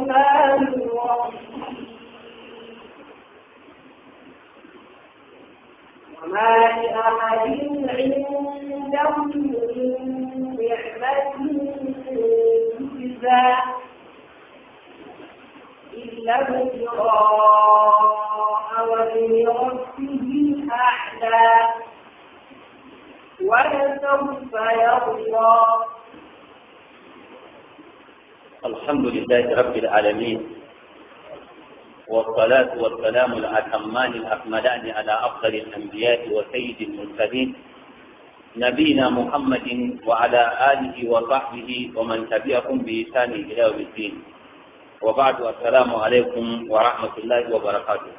وأخذنا لله رب العالمين والصلاة والسلام الأتمان الأكملان على أفضل الأنبياء وسيد المرسلين نبينا محمد وعلى آله وصحبه ومن تبعهم بإحسان إلى يوم الدين وبعد السلام عليكم ورحمة الله وبركاته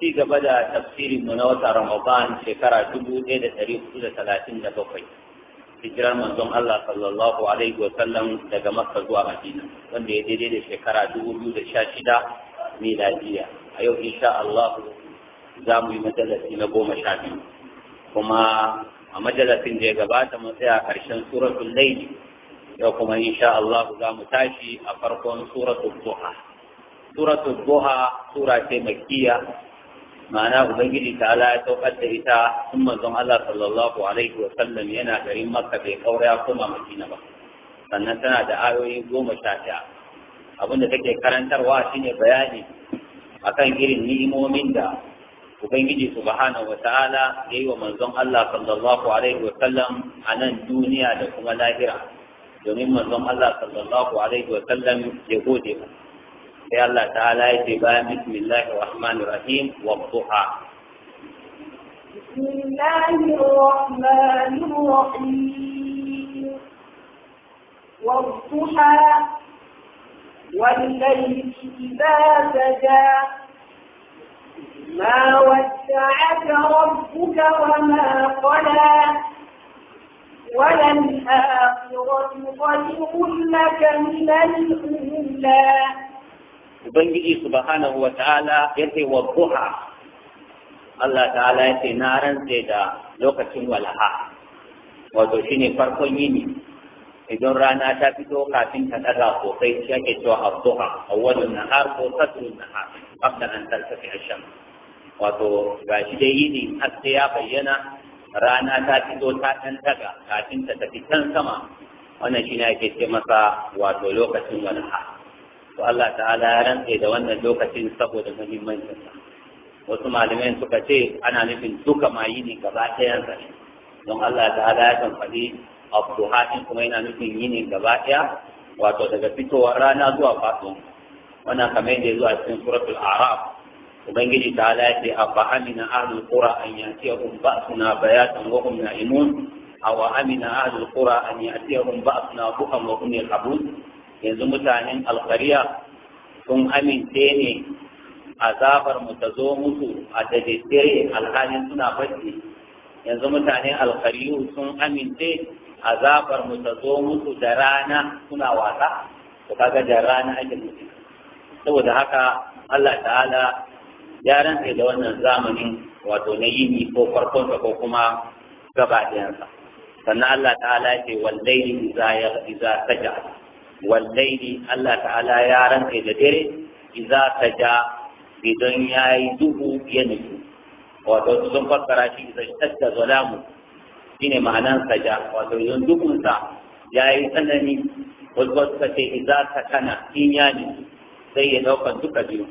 في بدأ تفسير منوتة رمضان شكرا جبو إلى تاريخ 37 hijira manzon Allah sallallahu alaihi Sallam daga Makka zuwa Madina wanda ya daidai da shekara 2016 miladiya a yau insha Allah za mu yi majalisi na goma sha biyu kuma a majalisin da ya gabata mun tsaya karshen suratul laili yau kuma insha Allah za mu tashi a farkon suratul duha suratul duha sura ce makkiya ma'ana ubangiji ta ala ya saukar da ita sun manzon Allah sallallahu alaihi wa sallam yana garin Makka bai kaura ya koma Madina ba sannan tana da ayoyi goma sha ɗaya abinda take karantarwa shine bayani akan irin ni'imomin da ubangiji subhanahu wa ta'ala yi wa manzon Allah sallallahu alaihi wa sallam a nan duniya da kuma lahira domin manzon Allah sallallahu alaihi wa sallam ya gode ba. sai Allah ta'ala ya ce bayan bismillahir rahmanir rahim wa duha bismillahir rahmanir rahim wa duha wal layli idza saja ما ودعك ربك وما قلى وللآخرة خير لك من الأولى ubangiji subhanahu wa ta'ala ce wa buha. Allah ta'ala ya ce na rantse da lokacin walaha wato shi ne farkon yini idan rana ta fito kafin ta daga sosai shi ake cewa abduha na har ko na har, qabla an tarfafi a shan. wato ga shi dai yini har sai ya bayyana rana ta fito ta ɗan daga kafin ta tafi can sama wannan shi ne ake ce masa wato lokacin walaha to Allah ta'ala ya rantse da wannan lokacin saboda muhimmancin sa wasu malamai suka ce ana nufin duka mayi ne gaba ɗayan sa don Allah ta'ala ya kan faɗi abduha din kuma yana nufin yini gaba ɗaya wato daga fitowar rana zuwa faɗuwa wannan kamar yadda zuwa cikin suratul a'raf ubangiji ta ala ce a fa'amina ahlul qura an yatiyahum ba'suna bayatan wa hum na'imun aw amina ahlul qura an yatiyahum ba'suna duhan wa hum yalhabun yanzu mutanen alkariya sun amince ne azabar mu ta zo musu a dajejjere alhalin suna bacci yanzu mutanen alkariyu sun amince azabar mu ta zo musu da rana suna wasa to kaga da rana ake mutu. saboda haka Allah ta'ala ya rantsa da wannan zamanin wato na yini ko farkonsa ko kuma gabaɗayansa sannan Allah ta'ala ce wallahi idza idza saja wallaili Allah ta'ala ya ranka da dare idza taja idan yayi duhu ya nufi wato sun fassara shi idza shadda zalamu shine ma'anan saja wato idan duhun sa yayi tsanani wasu wasu ce idza takana in ya nufi sai ya dauka duka biyu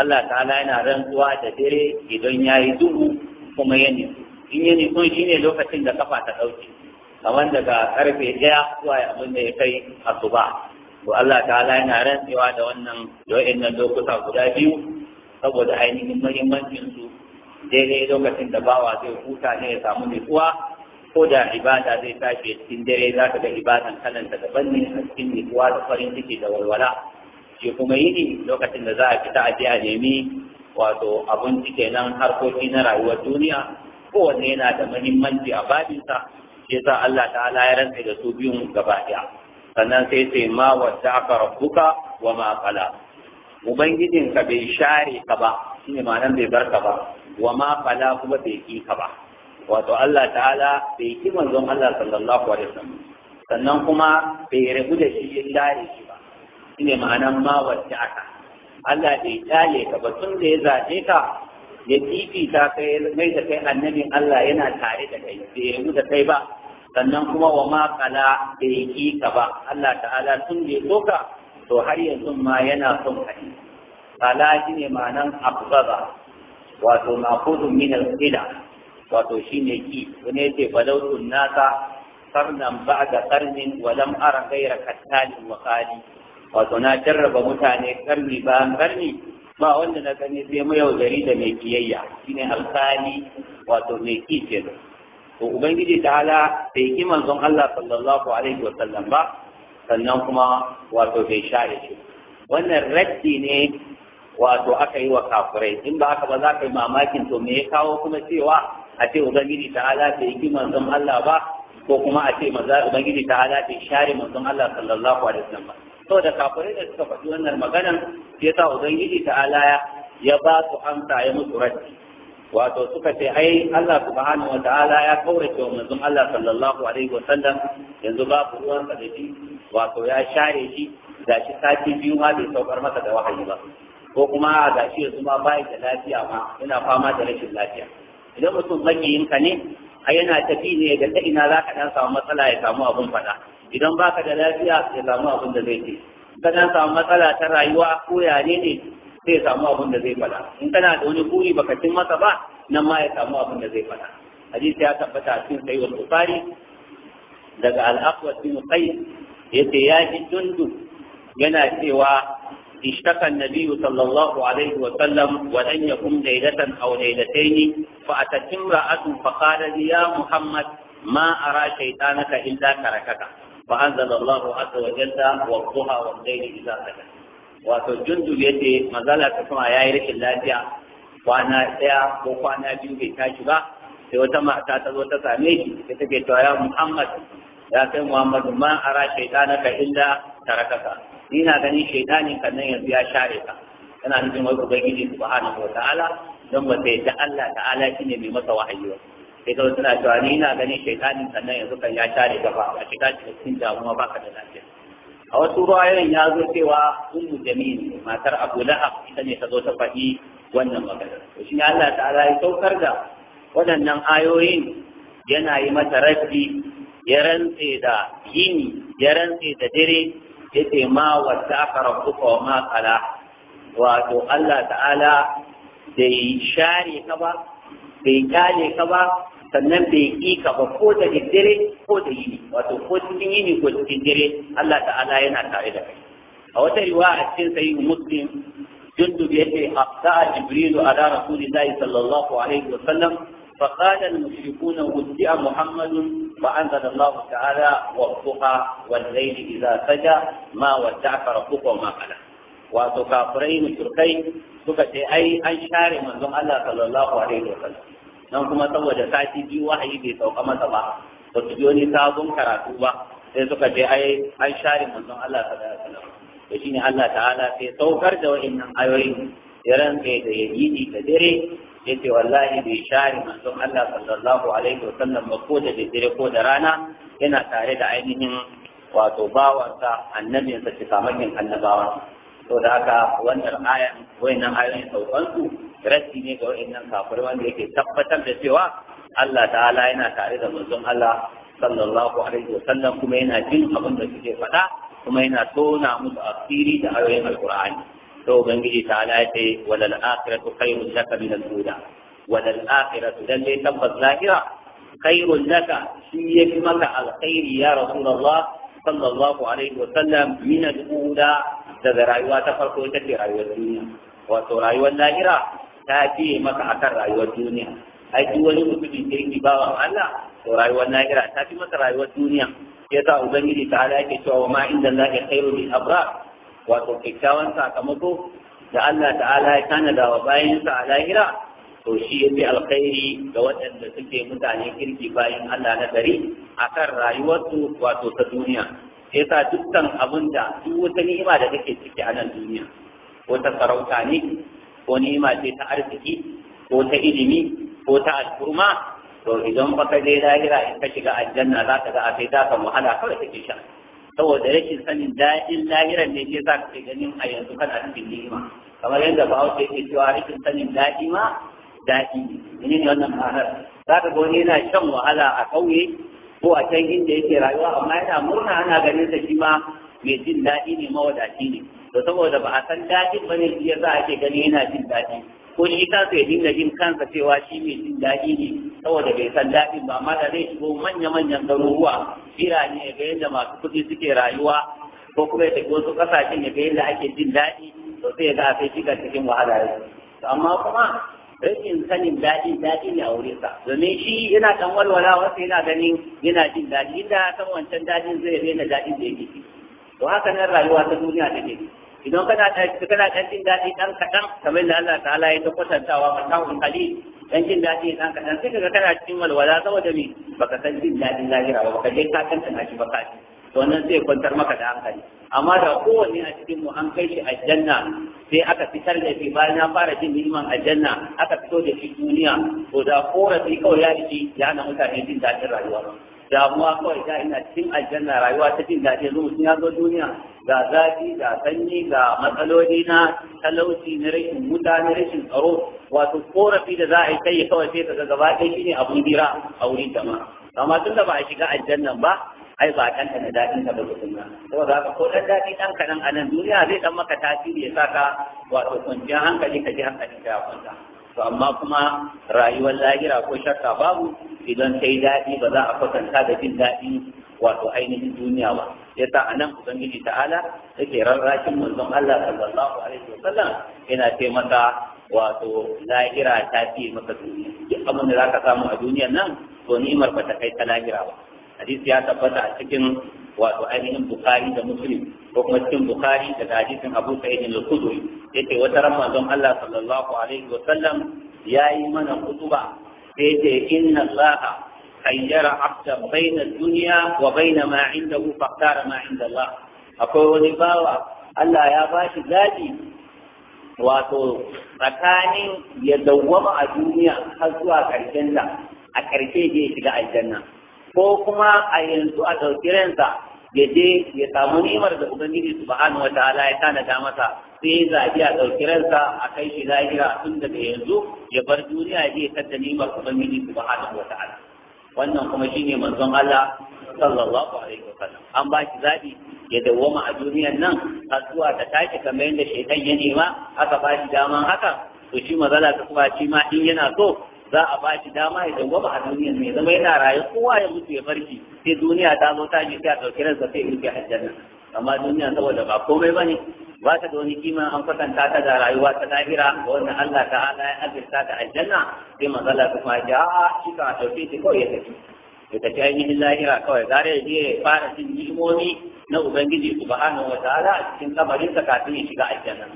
Allah ta'ala yana rantsuwa da dare idan yayi duhu kuma ya nufi in ya nufi shine lokacin da kafa ta dauke kamar daga karfe ɗaya zuwa abin da ya kai asuba to Allah ta'ala yana rantsewa da wannan da nan lokuta guda biyu saboda ainihin mahimmancin su daidai lokacin da bawa zai huta ne ya samu nutsuwa ko da ibada zai tashi cikin dare za ka ga ibadan kalanta daban ne a cikin nutsuwa da farin ciki da walwala shi kuma yini lokacin da za a fita a je a nemi wato abinci kenan harkoki na rayuwar duniya kowanne yana da muhimmanci a babinsa shi yasa Allah ta'ala ya rantsa da su biyun gaba ɗaya sannan sai sai ma wadda aka rabbuka wa ma kala. ubangijin ka bai share ka ba shine ma'anar bai bar ka ba wa ma kala kuma bai ki ka ba wato Allah ta'ala bai ki manzon Allah sallallahu alaihi wasallam sannan kuma bai rabu da shi ya share shi ba shine ma'anar ma wadda aka Allah bai kyale ka ba tun da ya zaɓe ka ya fifita kai mai da kai annabin Allah yana tare da kai bai rabu da kai ba sannan kuma wa ma kala bai ƙi ka ba Allah ta'ala tun bai soka to har yanzu ma yana son ka ne kala shine ma'anan afzaba wato ma'khudun min al-qila wato shine ki wani yace balautu nasa karnan ba'da karnin wa lam ara ghayra kattalin wa qali wato na jarraba mutane karni ba karni ba wanda na gani sai mu yaudari da mai kiyayya shine alkali wato mai ki kenan to ubangiji ta'ala bai ki manzon Allah sallallahu alaihi Wasallam ba sannan kuma wato bai da shi wannan raddi ne wato aka yi wa kafirai in ba haka ba za ka yi mamakin to me ya kawo kuma cewa a ce ubangiji ta'ala bai ki manzon Allah ba ko kuma a ce maza ta ala bai share manzon Allah sallallahu alaihi wasallam ba saboda kafirai da suka faɗi wannan maganan sai yasa ubangiji ta'ala ya ba su amsa ya musu raddi wato suka ce ai Allah subhanahu wa ta'ala ya kaurace wa manzon Allah sallallahu alaihi wa sallam yanzu babu ruwan sa da shi wato ya share shi da shi sati biyu ma bai saukar masa da wahayi ba ko kuma ga shi yanzu ma bai da lafiya ma yana fama da rashin lafiya idan mutum makiyinka ne ai yana tafi ne da ta ina za ka dan samu matsala ya samu abun faɗa idan baka da lafiya ya samu abun da zai ce ka dan samu matsala ta rayuwa ko yare ne zai samu abin da zai faɗa in kana da wani buri baka cin masa ba nan ma ya samu abin da zai faɗa, hadisi ya tabbata cikin sai wa bukari daga al-aqwa bin qais yace ya ji dundu yana cewa ishtaka an-nabiy sallallahu alaihi wa sallam wa an yakum laylatan aw laylatayn fa atatim ra'atu fa qala ya muhammad ما أرى شيطانك إلا تركك فأنزل الله عز وجل وقتها والليل إذا سكت wato jundu ya ce mazala ta kuma ya yi rashin lafiya kwana ɗaya ko kwana biyu bai tashi ba sai wata mata ta zo ta same shi ta take cewa muhammad ya kai muhammadu ma ara shaitanaka illa tarakaka ni na ganin shaitanin ka nan yanzu ya share ka yana nufin wai ubangiji subhanahu wa ta'ala don ba sai da Allah ta'ala shine mai masa wahayi ba sai kawai suna cewa ni na ganin shaitanin ka nan yanzu kan ya share ka ba a shiga cikin damuwa baka da lafiya a wasu ruwayoyin ya zo cewa ummu jamil matar abu lahab ita ne ta zo ta faɗi wannan magana to shi Allah ta'ala ya saukar da waɗannan ayoyin yana yi mata rabbi ya rantse da yini ya rantse da dare ya ce ma wata aka wa ma kala wato Allah ta'ala bai share ka ba bai kyale ka ba sannan bai ƙi ka ba ko da daddare ko da yini wato ko cikin yini ko cikin dare Allah ta'ala yana tare da kai a wata riwaya a cikin sahih muslim jundub yace afta jibrilu ala rasulillahi sallallahu alaihi wa sallam فقال المشركون ودع محمد فأنزل الله تعالى والضحى والليل إذا سجى ما ودعك ربك Wato قلق وتكافرين مشركين سكت أي an share من Allah Sallallahu alaihi wa sallam. nan kuma saboda sati biyu wahayi bai sauka masa ba ba su biyo ni sabon karatu ba sai suka je ai an share manzon Allah sallallahu alaihi wasallam to shine Allah ta'ala sai saukar da wa'annan ayoyi ya ranka da yidi da dare ya ce wallahi bai share manzon Allah sallallahu alaihi wasallam ba ko da dare ko da rana yana tare da ainihin wato bawansa annabinsa cikamakin annabawa to da haka wannan ayan wayannan ayoyin saukansu raddi ne ga wa'annan kafirai wanda yake tabbatar da cewa Allah ta'ala yana tare da manzon Allah sallallahu alaihi wasallam kuma yana jin abin da suke faɗa kuma yana tona musu asiri da ayoyin alqur'ani to ubangiji ta'ala ya ce walal akhiratu khairun laka min al-ula walal akhiratu lalle tabbas lahira khairun laka shi yafi maka alkhairi ya rasulullah sallallahu alaihi wasallam min al-ula daga rayuwa ta farko ta ce rayuwar duniya wato rayuwar lahira ta fiye maka akan rayuwar duniya ai duk wani mutumin kirki wa Allah to rayuwar nahira ta fi masa rayuwar duniya yasa ubangiji ta ala yake cewa ma inda ka kai rubi abra wato kyakkyawan sakamako da Allah ta'ala ya da wa bayansa a lahira to shi ya fi alkhairi ga waɗanda suke mutane kirki bayan Allah na gari a kan rayuwarsu wato ta duniya yasa dukkan abin da duk wata ni'ima da take ciki a nan duniya wata sarauta ne ko ni'ima ce ta arziki ko ta ilimi ko ta al'umma. to idan baka je lahira in ka shiga aljanna za ka ga a kai zaka wahala kawai kake sha saboda rashin sanin daɗin lahiran ne ke za ka ke ganin a yanzu kana cikin ni'ima kamar yadda bahaushe ke cewa rashin sanin daɗi ma daɗi ne ne wannan ma'anar za ka ga wani yana shan wahala a ƙauye ko a can inda yake rayuwa amma yana murna ana ganin sa shi ma mai jin daɗi ne mawadaci ne to saboda ba a san dadin ba ne shi yasa ake gani yana jin daɗi ko shi kansa ya dinga jin kansa cewa shi mai jin daɗi ne saboda bai san daɗin ba amma da zai shigo manya-manyan garuruwa birane ga yadda masu kuɗi suke rayuwa ko kuma ya tafi wasu ƙasashen ya ga yadda ake jin daɗi to sai ya ga a kai shiga cikin wahala amma kuma rashin sanin daɗi daɗi ne a sa, domin shi yana dan walwala wasu yana ganin yana jin daɗi inda ya san wancan daɗin zai daina daɗin da yake to haka nan rayuwa ta duniya take idan kana ɗan kana ɗan jin daɗi ɗan kaɗan kamar da Allah ta'ala ya ta kwatantawa mata'un kali dan jin daɗi ɗan kaɗan sai kaga kana cikin walwala saboda me baka san jin daɗin lahira ba baka je ka tantana shi ba to wannan zai kwantar maka da hankali amma da kowanne a cikin mu an kai shi aljanna sai aka fitar da shi bayan ya fara jin niman aljanna aka fito da shi duniya to da korafi kawai ya rike ya na mutane jin daɗin rayuwa damuwa kawai da ina cikin aljanna rayuwa ta jin daɗi yanzu mutum ya zo duniya ga zafi ga sanyi ga matsaloli na talauci na rashin wuta na rashin tsaro wato korafi da za a yi kai kawai sai ka ga gaba ɗaya shine abun bira a wurin jama'a amma tun da ba a shiga aljannan ba ai ba kan na daɗin ka ba tukunna saboda haka ko dan daɗi dan kaɗan a nan duniya zai dan maka tasiri ya saka wato kwanciyar hankali ka ji hankali ka kwanta to amma kuma rayuwar lahira ko shakka babu idan ta yi daɗi ba za a kwatanta da jin daɗi wato ainihin duniya ba ya sa a nan ubangiji ta'ala yake rarrakin manzon Allah sallallahu alaihi wa sallam yana ce wato lahira ta fi maka duniya duk abin da za ka samu a duniyan nan to ni'imar ba ta kai ta lahira ba hadisi ya tabbata a cikin wato ainihin Bukari da muslim ko kuma cikin Bukari da hadisin abu sa'id al-khudri yace wata ran manzon Allah sallallahu alaihi wa sallam yayi mana kutuba sai yace inna allaha khayyara abda bayna dunya wa bayna ma indahu faqtara ma inda Allah akwai wani bawa Allah ya bashi zabi wato tsakanin ya dawwama a duniya har zuwa karshen ta a karshe je shiga aljanna ko kuma a yanzu a ɗauki ransa ya je ya samu ni'imar da ubangiji wata ala ya tanada masa sai zaɓi a ɗauki ransa a kai shi lahira tun daga yanzu ya bar duniya je ta da ni'imar ubangiji wata ala. wannan kuma shine manzon Allah sallallahu alaihi wasallam an ba shi zaɓi ya dawwama a duniyar nan har zuwa ta tashi kamar yadda shaitan ya nema aka ba shi daman haka to shi mazala ta kuma shi ma in yana so za a ba shi dama ya dawwama a duniyar mai zama yana rayuwa kowa ya mutu ya farki sai duniya ta zo ta je a ɗauki ransa sai rufe aljanna amma duniya saboda ba komai bane ba ta da wani kima an kwatanta ta da rayuwa ta lahira wanda Allah ta'ala ya azurta da aljanna sai manzala kuma ya a shi ka ɗauke shi kawai ya tafi ya tafi ainihin lahira kawai gare je ya fara cin ni'imomi na ubangiji subhanahu wa ta'ala a cikin kabarinsa kafin ya shiga aljanna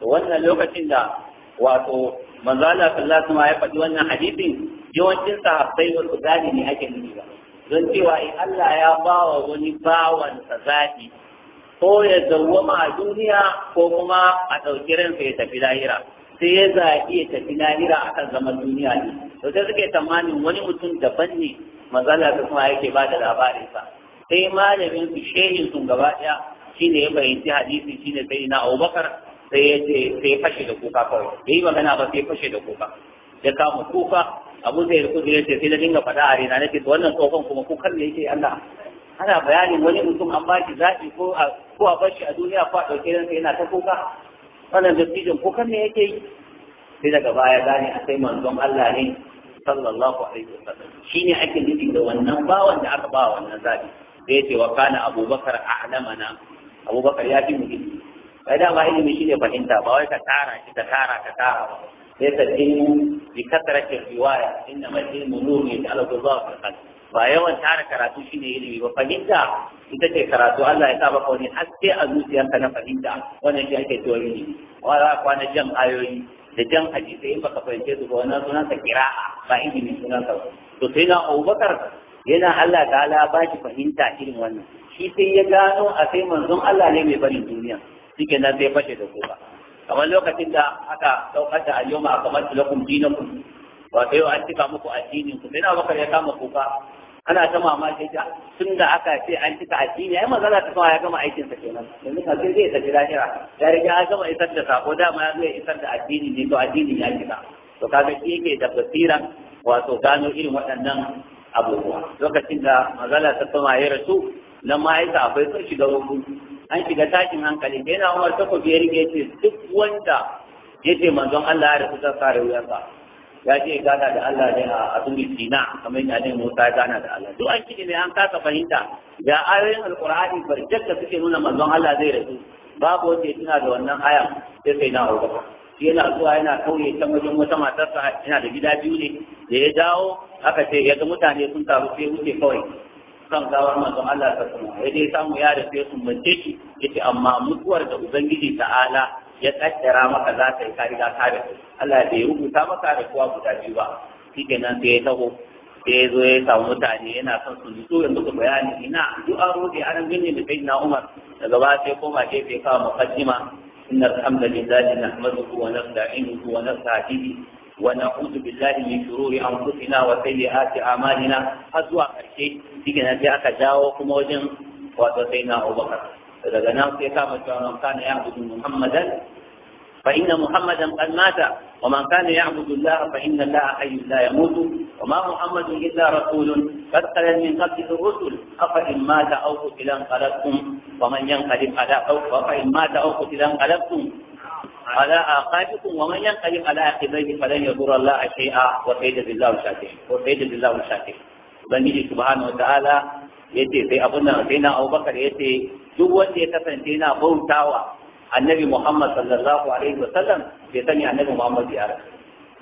wannan lokacin da wato manzala Allah sallallahu ya faɗi wannan hadisin yawancin sahabbai sai su ne ake nufi ba don cewa in Allah ya ba wa wani bawan sa zaɓi ko ya zawwama a duniya ko kuma a ɗauki ransa ya tafi lahira sai ya zaɓi ya tafi lahira akan zaman duniya ne to sai suke tsammanin wani mutum daban ne manzala ta kuma yake ba da sa sai malamin su shehin sun gaba ɗaya shine ya fahimci hadisin shine sai na Abubakar sai ya ce sai fashe da kuka kawai da yi magana ba sai fashe da kuka ya kama kuka abu zai rikudu ya ce sai na dinga faɗa a rina nake wannan tsohon kuma kukan ne yake Allah ana bayanin wani mutum an ba shi zaɓi ko a bashi a duniya ko a ɗauke sai yana ta kuka wannan dattijan kukan ne yake yi sai daga baya gane a sai manzon Allah ne sallallahu alaihi wasallam shine ake nufi da wannan bawan da aka ba wannan zaɓi sai ya ce wa kana abubakar a'lamana abubakar ya fi mu ai dama ilimi ne fahimta ba wai ka tara shi ka tara ka tara ba sai ka jin bi kasratil riwaya inna ma ilmu nuri da Allah zuwa ka ba yawan tara karatu ne ilimi ba fahimta ita ce karatu Allah ya sa maka wani haske a zuciyarka na fahimta wannan shi ake cewa ilimi wala kwana jan ayoyi da jan hadisai in baka fahimce su ba wannan sunan ka kira'a ba ilimi sunan ka to sai na Abubakar yana Allah ta'ala ba shi fahimta irin wannan shi sai ya gano a sai manzon Allah ne mai barin duniya shike nan sai fashe da kuka kamar lokacin da aka saukar da al-yawma akmaltu lakum dinakum wato yau an cika muku addinin ku sai na bakar ya kama kuka ana ta mamaki ta tun da aka ce an cika addini ai magana ta kawai ya gama aikin sa kenan yanzu ka sai zai tafi lahira ya riga ya gama isar da sako dama ya zai isar da addini ne to addini ya cika to kaga shi yake da basira wato gano irin waɗannan abubuwa lokacin da magana ta kama ya rasu nan ma akwai sun shiga rubu an shiga tashin hankali da yana umar ta ya rike ce duk wanda ya ce manzon Allah ya rasu ta sare wuyansa ya ce gana da Allah ne a asumi sina kamar yadda ne Musa ya gana da Allah duk an kiɗi ne an kasa fahimta da ayoyin alqur'ani barjak jakka suke nuna manzon Allah zai rasu babu wanda ya tuna da wannan aya sai sai na aure yana zuwa yana kauye ta wajen wata matarsa yana da gida biyu ne da ya dawo aka ce ya ga mutane sun taru sai wuce kawai kan gawar manzon Allah ta kuma ya dai samu ya rufe sun mace shi yace amma mutuwar da ubangiji ta'ala ya kaddara maka za ta yi ka riga ka rufe Allah bai rubuta maka da kowa guda biyu ba nan sai ya taho sai ya zo ya samu mutane yana son su nutsu yanzu ku bayani ina du'a ruhi anan gini da na Umar daga ba sai koma gefe kawo muqaddima inna alhamdulillahi nahmaduhu wa nasta'inuhu wa nasta'inuhu ونعوذ بالله من شرور أنفسنا وسيئات أعمالنا أزوى كرشي تيجي اكا جاو كما وجن وتسينا أبو بكر فإذا نعطي كما كان يعبد محمدا فإن محمدا قد مات ومن كان يعبد الله فإن الله حي لا يموت وما محمد إلا رسول قد خلت من قبله الرسل أفإن مات أو قتل انقلبتم ومن ينقلب على أو فإن مات أو قتل انقلبتم على آقابكم ومن ينقلب على عقبيه فلن يضر الله شيئا وسيد بالله شاكر وسيد بالله شاكر ubangiji subhanahu wataala yace sai abun nan sai na Abubakar yace duk wanda ya kasance na bautawa annabi Muhammad sallallahu alaihi wa sallam. bai sani annabi Muhammad ya rasu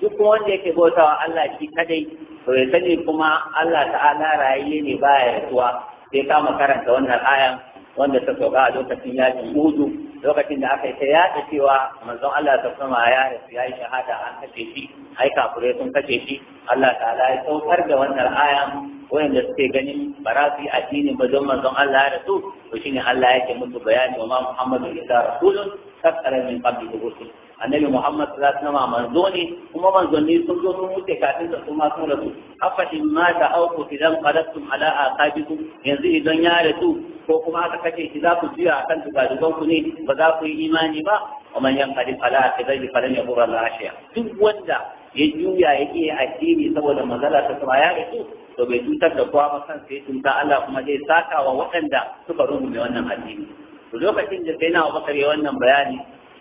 duk kuma wanda yake bautawa Allah shi kadai to ya sani kuma Allah ta'ala rayayye ne baya rasuwa sai kama karanta wannan ayan wanda ta sauka a lokacin yakin Uhud lokacin da aka yi ta yaɗa cewa manzon Allah ta kuma ya rasu ya yi shahada an kashe shi ai kafurai sun kashe shi Allah ta'ala ya saukar da wannan aya wanda suke ganin ba za su yi addini ba don manzon Allah ya rasu to shine Allah yake musu bayani wa ma Muhammadu illa rasulun kasara min qabli rusul annabi Muhammad sallallahu alaihi wasallam manzo ne kuma manzonni sun zo sun wuce kafin da su ma sun rasu afadin ma da auku idan qadattum ala aqabikum yanzu idan ya rasu ko kuma aka kace shi za ku jiya akan dugadugan ku ne ba za ku yi imani ba wa man yanqadi ala aqibihi falan yaqura la ashiya duk wanda ya juya yake addini saboda mazala ta sama ya rasu to bai cutar da kowa ba kansa ya cuta Allah kuma zai saka wa waɗanda suka rungume wannan addini to lokacin da sai na Abubakar ya wannan bayani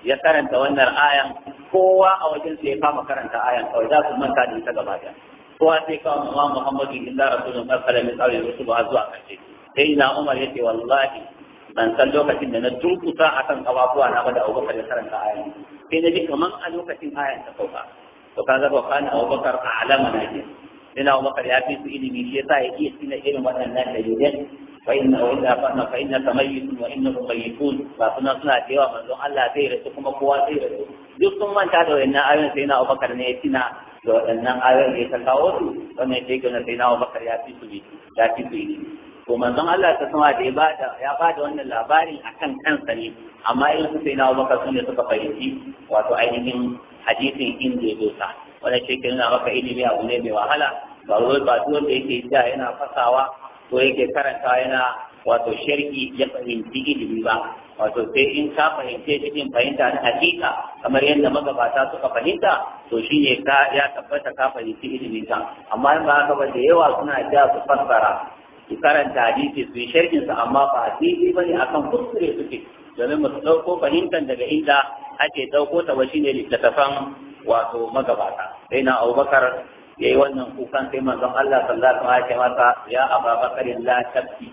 ya karanta wannan ayan kowa a wajen sai ya kama karanta ayan kawai za su manta da ita gaba ɗaya kowa sai kawo ma Muhammadu illa rasulun karkara min tsari wasu ba zuwa karshe sai na Umar yake wallahi ban san lokacin da na turkusa akan ƙafafuwa na ba da Abubakar ya karanta ayan sai na ji kamar a lokacin ayan ta kauka. to ka zaba kana Abubakar a alama na ke sai na Abubakar ya fi su ilimi shi yasa ya iya tina irin waɗannan dalilai فإنه إذا فهم فإنك ميت وإنهم ميتون فكنا سنة cewa manzon Allah zai rasu kuma kowa zai rasu duk sun manta da wannan ayoyin sai na Abubakar ne ya tina da wannan ayoyin ya kawo su wannan sai ga sai na Abubakar ya fi su bi ya fi su yi to manzon Allah ta sama da ya bada ya bada wannan labari akan kansa ne amma irin su sai na Abubakar sun ne suka fahimci wato ainihin hadisin inda ya wannan maka ilimi a ne mai wahala ba wai yake da yana fasawa to yake karanta yana wato shirki ya fahimci ilimi ba wato sai in ka fahimce cikin fahimta na hakika kamar yadda magabata suka fahimta to shi ne ya tabbata ka fahimci ilimin ka amma in ba haka ba da yawa suna ja su fassara su karanta hadisi su yi sharhin sa amma ba ne bane akan kuskure suke domin mu dauko fahimtar daga inda ake ɗauko ta ba shine littattafan wato magabata sai na Abubakar yayi wannan kukan sai manzon Allah sallallahu alaihi wasallam ya masa ya Abubakar la tabki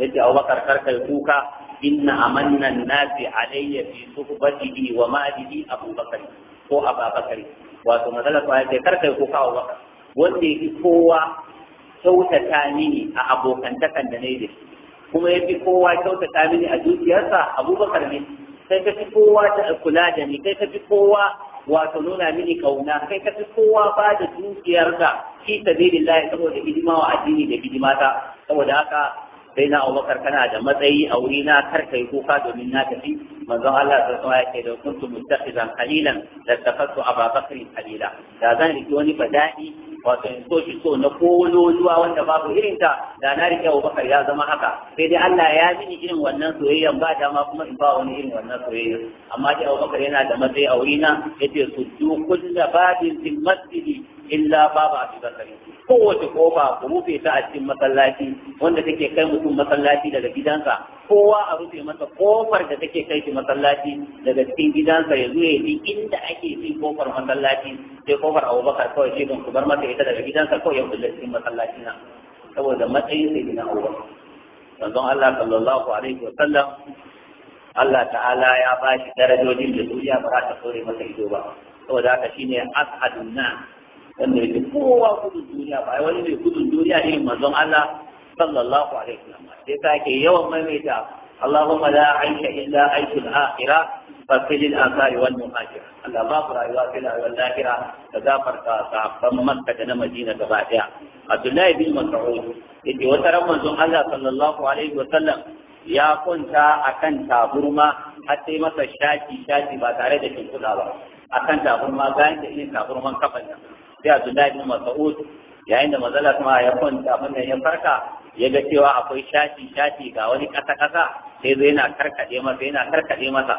yace Abubakar kar kai kuka inna amanna nasi alayya fi suhbatihi wa malihi Abubakar ko Abubakar wato manzon Allah ya ce kar kai kuka Abubakar wanda yake kowa kyautata mini a abokantakan da nayi da shi kuma yafi kowa kyautata mini a zuciyarsa Abubakar ne sai ka fi kowa ta kula da ni kai ka fi kowa wato nuna mini kauna kai ka fi kowa ba da dukiyar ta fi sabilillah saboda hidima wa addini da hidima saboda haka sai na Abubakar kana da matsayi a wuri na kar kai kuka domin na tafi manzon Allah ta tsaya ce da kuntu muttakhidan qalilan da tafattu a Bakr qalila da zan riki wani daɗi. wato so shi so na kololuwa wanda babu irin ta da na rike Abubakar ya zama haka sai dai Allah ya mini irin wannan soyayyan ba dama kuma in ba wani irin wannan soyayya amma dai Abubakar yana da matsayi a wurina yace su duk kullu babin fil masjidi illa baba Abubakar kowace kofa ku rufe ta a cikin masallaci wanda take kai mutum masallaci daga gidansa kowa a rufe masa kofar da take kai shi masallaci daga cikin gidansa ya zo ya inda ake fi kofar masallaci sai kofar abubakar kawai shi ku bar masa ita daga gidansa kawai ya kulle cikin masallaci na saboda matsayin sai gina abubakar manzon Allah sallallahu alaihi wa sallam Allah ta'ala ya ba shi darajojin da duniya ba za ta kore masa ido ba saboda haka shine as'adun nas wanda yake kowa gudun duniya ba wani mai gudun duniya irin mazan Allah sallallahu alaihi wa sallam. sai ta ke yawan maimaita Allahumma la aisha illa aishul akhirah fasilil asari wal muhajir Allah ba ku rayuwa sai rayuwar lahira da gafarta sahabban Makka da na Madina gaba daya Abdullahi bin Mas'ud yace wata ran manzon Allah sallallahu alaihi wa sallam, ya kwanta akan taburma har sai masa shaki shaki ba tare da shimfiɗa ba akan taburma bayan da irin taburman kafan nan sai Abdullahi bin Mas'ud yayin da manzala kuma ya kwanta abin da ya farka ya ga cewa akwai shati shati ga wani kasa kasa sai zai yana karkade masa yana karkade masa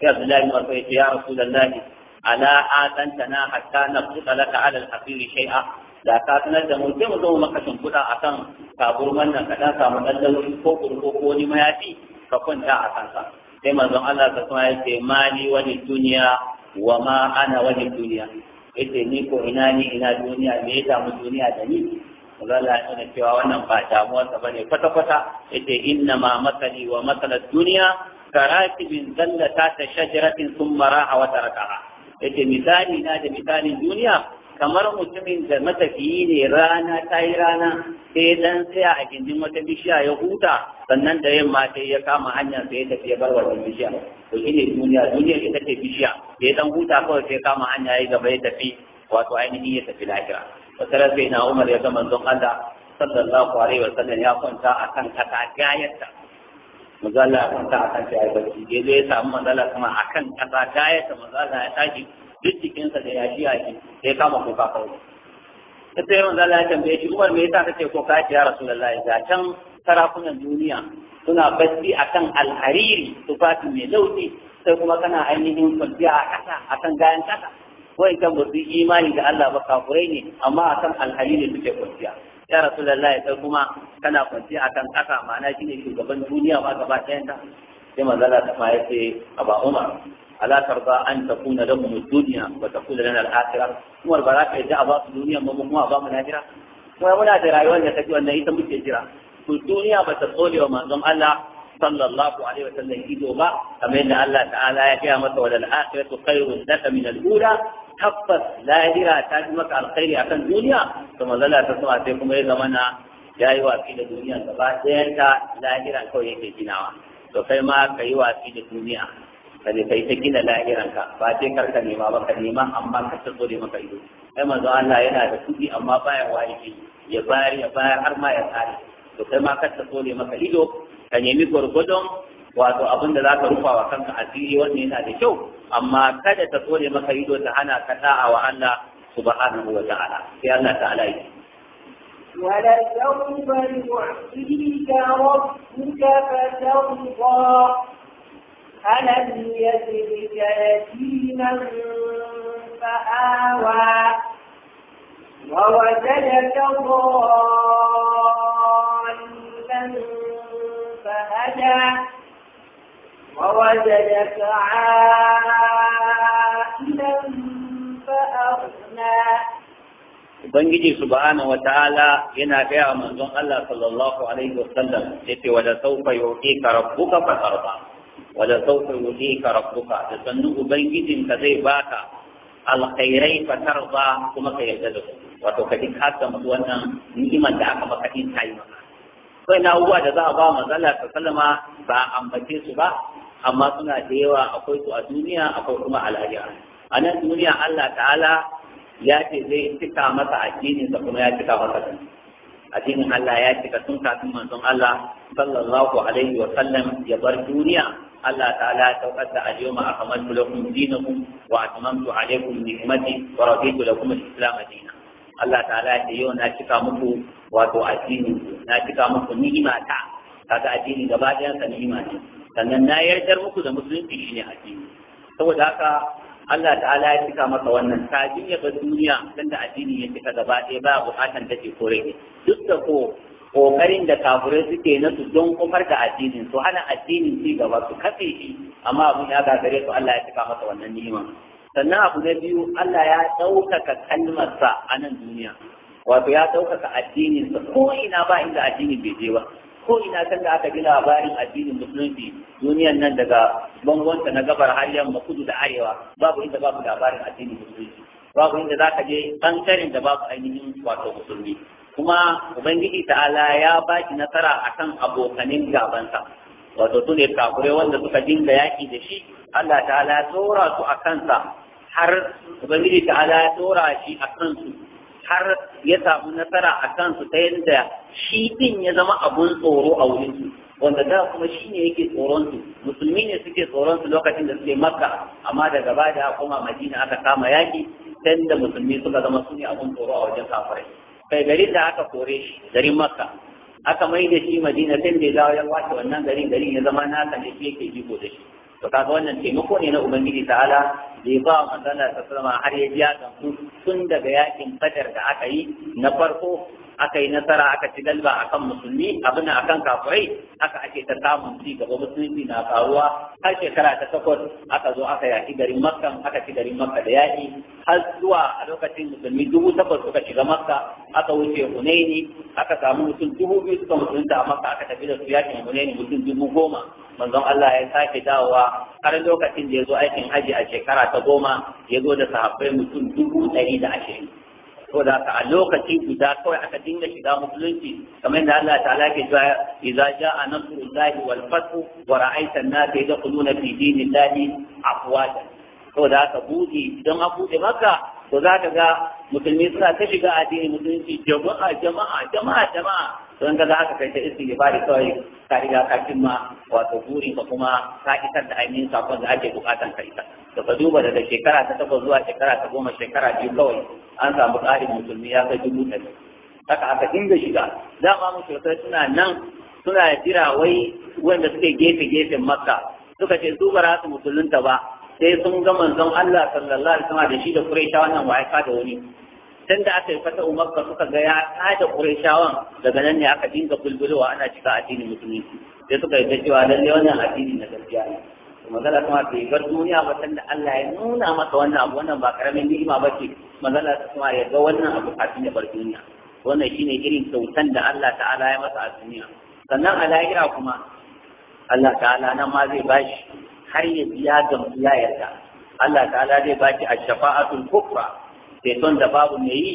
sai Abdullahi bin Mas'ud ya ce ya Rasulullahi ala atantana hatta nafsuka laka ala al-hafir shay'a da ka sanar da mu sai mu zo maka shimfiɗa akan kaburman nan ka dan samu dan ko kurko ko wani mayafi ka kwanta a kansa sai manzon Allah ta kuma ya ce mali wani duniya wa ma ana wani duniya yace ni ko ina ni ina duniya me ya samu duniya da ni Allah ya nuna cewa wannan ba damuwarsa ne kwata kwata yace inna ma masali wa masalat duniya karatibin zallata ta shajaratin sun maraha wa tarakaha yace misali na da misalin duniya kamar mutumin da matafiyi ne rana ta yi rana sai dan sai a gindin wata bishiya ya huta sannan da yamma sai ya kama hanyar sai ya tafi ya bar wannan bishiya to shine duniya duniya ita ce bishiya sai dan huta kawai sai kama hanya ya gaba ya tafi wato ainihin ya tafi lahira wata sai na umar ya ga manzon Allah sallallahu alaihi wa sallam ya kwanta akan kasa gayarta manzo Allah ya kwanta akan shi ya barci ya ya samu matsala kuma akan kasa gayarta manzo Allah ya tashi duk jikinsa da yashi yashi sai kama kuka kawai sai yawan zala ya tambaye shi umar me yasa ce ko ka ya rasulullahi ga can sarakunan duniya suna bacci akan alhariri tufafi mai lauti sai kuma kana ainihin kwanciya a a akan gayan ƙasa? wai kan ba su imani da Allah ba kafurai ne amma akan alhariri suke kwanciya ya rasulullahi sai kuma kana kwanciya akan ƙasa? ma'ana shine shugaban duniya ba gaba ɗayan ta sai manzala ta ma ya ce aba umar ala tarda an takuna lahum ad-dunya wa takuna lana al-akhirah ba za ka yadda a ba su duniya ba kuma a ba mu lahira kuma muna da rayuwar da take wannan ita muke jira to duniya ba ta tsole wa manzon Allah sallallahu alaihi wa sallam ido ba kamar yadda Allah ta'ala ya kaya masa wa al-akhiratu khairun laka min al tabbas lahira ta fi maka a kan duniya to manzon Allah sama sai kuma ya zama na yayi watsi da duniya gaba ɗayanta lahira kawai yake ginawa to ma ka yi watsi da duniya ka je kai ta gina lahiranka ba sai karka nema ba ka nema amma ka tsoro ne maka ido ai manzo Allah yana da kuɗi amma baya waye shi ya bayar ya bayar har ma ya tsare to kai ma ka tsoro ne maka ido ka nemi gwargwadon wato abin da za ka rufa wa kanka asiri wannan yana da kyau amma kada ta tsore maka ido ta hana ka da'a wa Allah subhanahu wa ta'ala sai Allah ta'ala yi ولسوف يعطيك ربك فترضى ألم يجدك يتيما فآوى ووجدك ضالا فهدى ووجدك عائلا فأغنى Ubangiji subhanahu ta’ala yana gaya manzon Allah sallallahu alaihi wasallam yace wa la sawfa yu'tika rabbuka fa tarda wala sautin ka rabbuka da sannu ka zai baka alkhairai fa tarda kuma ka yarda da su wato ka ji ka samu wannan ni'imar da aka maka in yi maka kai na uwa da za a ba manzala ta salama ba ambace su ba amma suna da yawa akwai su a duniya akwai kuma al'ajiya a nan duniya Allah ta'ala ya ce zai cika masa addininsa kuma ya cika masa kansa addinin Allah ya cika tun kafin manzon Allah sallallahu alaihi wa sallam ya bar duniya Allah ta'ala ya saukar da a yawma akmaltu lakum dinakum wa atmamtu alaykum ni'mati wa raditu lakum al-islam dinan Allah ta'ala ya ce yau na cika muku wato addini na cika muku ni'ima ta kaga addini gaba ɗayan sa ni'ima ce sannan na yardar muku da musulunci shine addini saboda haka Allah ta'ala ya cika maka wannan kafin ya ga duniya dan da addini ya cika gaba ɗaya ba buƙatan take kore duk da ko kokarin da kafirai suke na su don kofar da addinin su hana addinin ci gaba su kafe shi amma abun ya gagare su Allah ya cika masa wannan ni'ima sannan abu na biyu Allah ya ɗaukaka kalmarsa a nan duniya wato ya ɗaukaka addininsa ko ina ba inda addinin bai je ba ko ina san da aka ji labarin addinin musulunci duniyan nan daga bangonta na gabar har yamma kudu da arewa babu inda babu labarin addinin musulunci babu inda za ka je ɓangaren da babu ainihin wato musulmi kuma ubangiji ta'ala ya ba shi nasara akan abokanin gabansa wato su ne wanda suka dinga yaƙi da shi Allah ta'ala ya tsora su a kansa har ubangiji ta'ala ya tsora shi a kansu har ya samu nasara a kansu ta yadda shi din ya zama abun tsoro a wurinsu wanda da kuma shi ne yake tsoronsu musulmi ne suke tsoronsu lokacin da suke makka amma daga baya da koma madina aka kama yaƙi ta yadda musulmi suka zama su ne abun tsoro a wajen kafirai kai garin da aka kore shi garin makka aka mai da shi madina sai da dawo ya kwace wannan garin garin ya zama nasa ne shi yake jiko da shi to kaga wannan taimako ne na ubangiji ta'ala da ya ba wa da ta sallama har ya biya gamsu tun daga yakin badar da aka yi na farko aka yi nasara aka ci galba akan musulmi abin akan kafirai aka ake ta samun ci gaba musulmi na karuwa har shekara ta takwas aka zo aka yaki garin makka aka ci garin makka da yaki har zuwa a lokacin musulmi dubu takwas suka shiga makka aka wuce hunaini aka samu mutum dubu biyu suka musulunta a makka aka tafi da su yakin hunaini mutum dubu goma manzon Allah ya sake dawowa har lokacin da ya zo aikin haji a shekara ta goma ya zo da sahabbai mutum dubu ɗari da ashirin ko da a lokaci guda kawai aka dinga shiga musulunci kamar da Allah ta'ala ke cewa idza jaa nasrullahi wal fath wa ra'aita an-nasa yadkhuluna fi dinillahi afwaja ko da ka buɗe don a buɗe maka to za ka ga musulmi suna ta shiga addinin musulunci jama'a jama'a jama'a jama'a don ga haka kai ta istighfari kawai ka riga ka cimma wato burin ka kuma ka isar da ainihin sakon da ake bukatan ka isa. da ka duba daga shekara ta takwas zuwa shekara ta goma shekara biyu kawai an samu ƙarin musulmi ya kai dubu ɗari haka aka dinga shiga za dama mushrikai suna nan suna jira wai wanda suke gefe gefen makka suka ce su ba su musulunta ba sai sun ga manzon Allah sallallahu alaihi wasallam da shi da Quraisha wannan wa'ika da wani can da aka yi fata umarka suka ga ya tada ƙurashawan daga nan ne aka dinga bulbulowa ana cika addini musulmi sai suka yi ta cewa lallai wannan addini na gaskiya ne to magana kuma bai bar duniya ba da Allah ya nuna masa wannan abu wannan ba karamin ni'ima ba ce magana kuma ya ga wannan abu kafin ya bar duniya wannan shine irin kyautan da Allah ta'ala ya masa a duniya sannan a lahira kuma Allah ta'ala nan ma zai bashi har ya biya gamsu ya yarda Allah ta'ala zai bashi a shafaatul kufra ceton da babu mai yi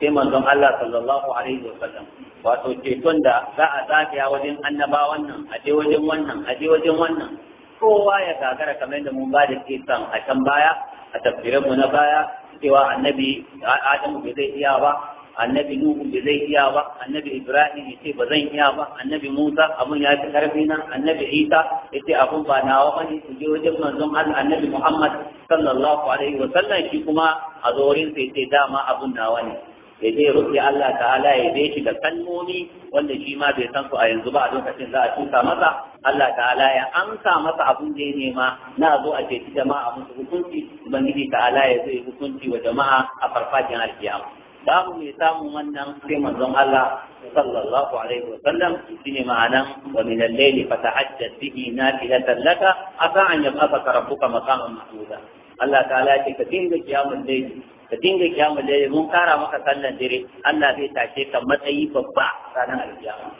sai manzon Allah sallallahu alaihi wasallam wato ceton da za a zagaya wajen annabawan nan a je wajen wannan a je wajen wannan kowa ya gagara kamar da mun ba da kisan a can baya a tafsirin mu na baya cewa annabi Adamu bai zai iya ba annabi nuhu ba zai iya ba annabi ibrahim ya ce ba zan iya ba annabi musa abun ya fi karfi na annabi isa ya ce abun ba nawa ne su je wajen manzon allah annabi muhammad sallallahu alaihi wa sallam shi kuma a zorin sai ce dama abun nawa ne ya je rufe Allah ta'ala ya be shi da kalmomi wanda shi ma bai san su a yanzu ba a lokacin za a tuka masa Allah ta'ala ya amsa masa abin da ya nema na zo a ceci jama'a musu hukunci ubangiji ta'ala ya zai hukunci wa jama'a a farfajin alkiyama babu mai samun wannan sai manzon Allah sallallahu alaihi wa sallam shine ma'anan wa min al-layli fatahajjat bihi nafilatan laka asa an yab'athaka rabbuka maqaman mahmuda Allah ta'ala ce ka dinga kiyamul layli ka dinga kiyamul layli mun kara maka sallan dare Allah zai tashe ka matsayi babba ranar alkiyama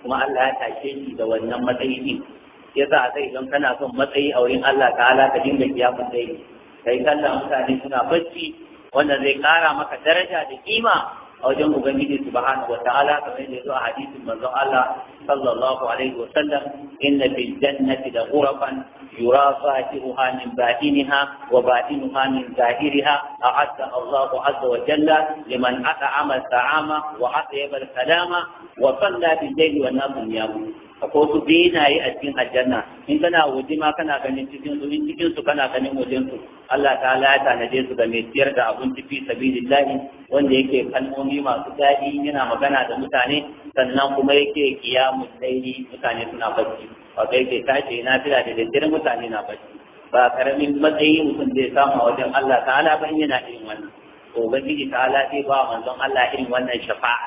kuma Allah ya tashe ni da wannan matsayi din yasa sai idan kana son matsayi a wurin Allah ta'ala ka dinga kiyamul layli kai sallan mutane suna bacci wanda zai kara maka daraja da kima a wajen ubangiji subhanahu wataala kamar yadda ya zo a hadisin manzon Allah صلى الله عليه وسلم إن في الجنة لغرفا يرى ظاهرها من باطنها وباطنها من ظاهرها أعدها الله عز وجل لمن أطعم الطعام وأطيب الكلام وصلى بالليل والناس نيام akwai su benaye a cikin aljanna in kana waje ma kana ganin cikin su in cikin su kana ganin wajen su Allah ta ya tanaje su ga mai ciyar da abinci fi sabilillahi wanda yake kalmomi masu daɗi yana magana da mutane sannan kuma yake kiyamun laili mutane suna bacci wato yake tashi na fi da daddare mutane na bacci ba karamin matsayi mutum zai samu a wajen Allah ta'ala ban yana irin wannan to ubangiji ta'ala zai ba manzon Allah irin wannan shafa'a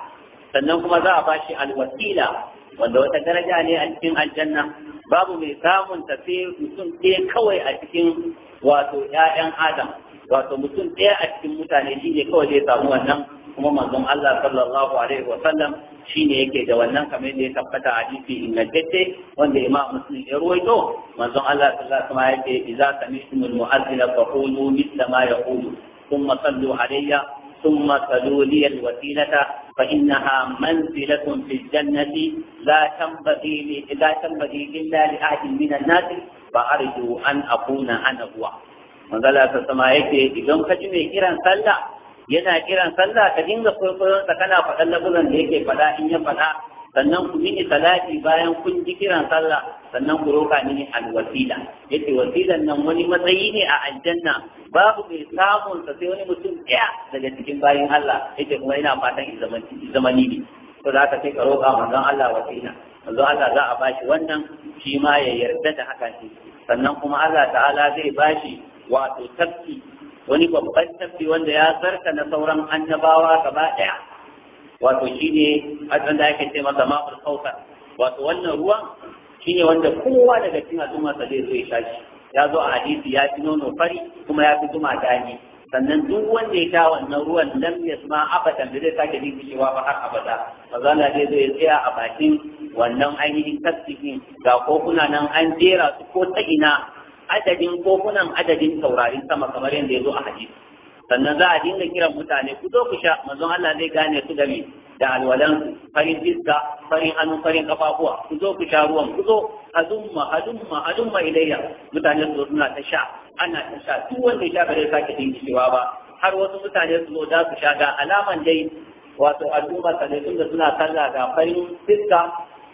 sannan kuma za a bashi alwasila wanda wata daraja ne a cikin aljanna babu mai samun tafi mutum ɗaya kawai a cikin wato ‘ya'yan adam wato mutum ɗaya a cikin mutane shi ne kawai zai samu wannan kuma manzon Allah sallallahu alaihi wa sallam shine yake da wannan kamar yadda ya tabbata a hadisi ingantacce wanda Imam Muslim ya ruwaito manzon Allah sallallahu alaihi wa sallam yake idza sami'tumul mu'adhdhina faqulu mithla ma yaqulu thumma sallu alayya thumma sallu li alwasilata fa innaha manzilatun fil jannati la tanbaghi li la tanbaghi illa li ahadin min an-nas fa arju an akuna ana huwa manzon Allah sallallahu alaihi wa sallam yake idan ka ji mai kiran sallah yana kiran sallah ka dinga kwaikwayon sa kana faɗan lafuzan da yake faɗa in ya faɗa sannan ku mini salati bayan kun ji kiran sallah sannan ku roƙa mini alwasila yace wasilan nan wani matsayi ne a aljanna babu mai samun sa sai wani mutum ɗaya daga cikin bayin Allah yace kuma ina fatan in zamani ne to za ka sai ka roƙa manzon Allah wasila manzon Allah za a bashi wannan shi ma ya yarda da haka ne sannan kuma Allah ta'ala zai bashi wato tafki wani babban tafi wanda ya zarta na sauran annabawa gaba daya wato shine azan da ake ce masa ma'ul wato wannan ruwan shine wanda kowa daga cikin al'umma sa zai zo ya sha shi ya zo a hadisi ya fi nono fari kuma ya fi zuma dani sannan duk wanda ya sha wannan ruwan ya yasma abadan da zai sake jin cewa ba har abada mazala zai zo ya tsaya a bakin wannan ainihin tasbihin ga kokuna nan an jera su ko ta ina adadin kofunan adadin taurarin sama kamar yadda ya zo a hadisi sannan za a dinga kiran mutane ku zo ku sha manzon Allah zai gane su da me da alwalan farin fiska farin hannu farin kafafuwa ku zo ku sha ruwan ku zo hadumma hadumma hadumma ilayya mutane su suna ta sha ana ta sha duk wanda ya sa bare sake dingishewa ba har wasu mutane su zo da su sha ga alaman dai wato al'umma sanai da suna sallah ga farin fiska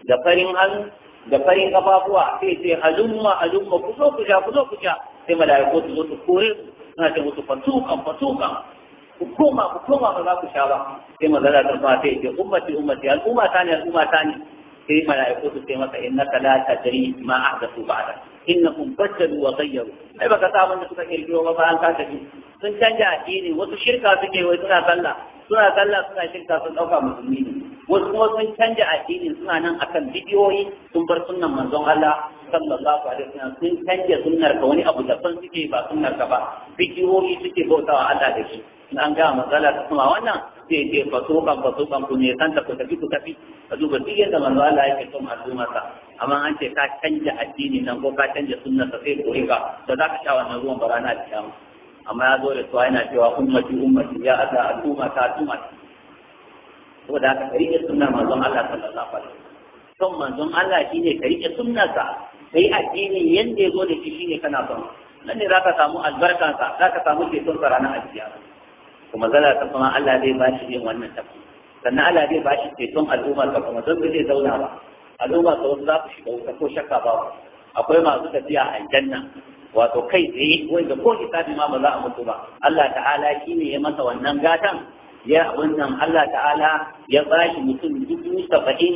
da farin hannu da farin ƙafafuwa sai sai halumma halumma ku zo ku sha ku zo ku sha sai mala'iku su zo su kore su suna ce musu fatukan fatukan ku koma ku koma ba za ku sha ba sai manzala ta fa sai ce ummati ummati al'umma ta ne al'umma ta ne sai mala'iku su ce masa innaka la tadri ma ahdathu ba'da innahum baddalu wa ghayyaru ai baka samu da suka kirkiro ba ba an ka tafi sun canja addini wasu shirka suke wai suna sallah suna kalla suna shirka sun ɗauka musulmi ne wasu kuma sun canja addinin suna nan akan bidiyoyi sun bar sunnan manzon Allah sallallahu alaihi wasallam sun canja sunnar ka wani abu daban suke ba sunnar ka ba bidiyoyi suke bautawa Allah da shi an ga matsala ta kuma wannan sai ce fasukan fasukan ku ne san ta ku tafi ku tafi ka duba duk yadda manzo Allah yake son al'umma masa amma an ce ka canja addini nan ko ka canja sunnar sa sai ka da za ka sha wannan ruwan barana a kiyama amma ya zo da suwa yana cewa ummati ummati ya ata al'umma ta al'umma saboda haka kari da sunnar manzon Allah sallallahu alaihi wasallam son manzon Allah shine kari da sunnarsa kai addini yanda ya zo da shi shine kana son nan ne zaka samu albarkansa zaka samu ceton sa ranar alkiyama kuma zalla ta kuma Allah zai ba shi yin wannan tafi sannan Allah zai ba shi ceton al'umma ka kuma don zai zauna ba al'umma ka wasu za su shiga wuta ko shakka ba akwai masu tafiya a janna. wato kai tsaye wanda ko hisabi ma ba za a mutu ba Allah ta'ala shi ne ya masa wannan gatan ya wannan Allah ta'ala ya bashi mutum dubu saba'in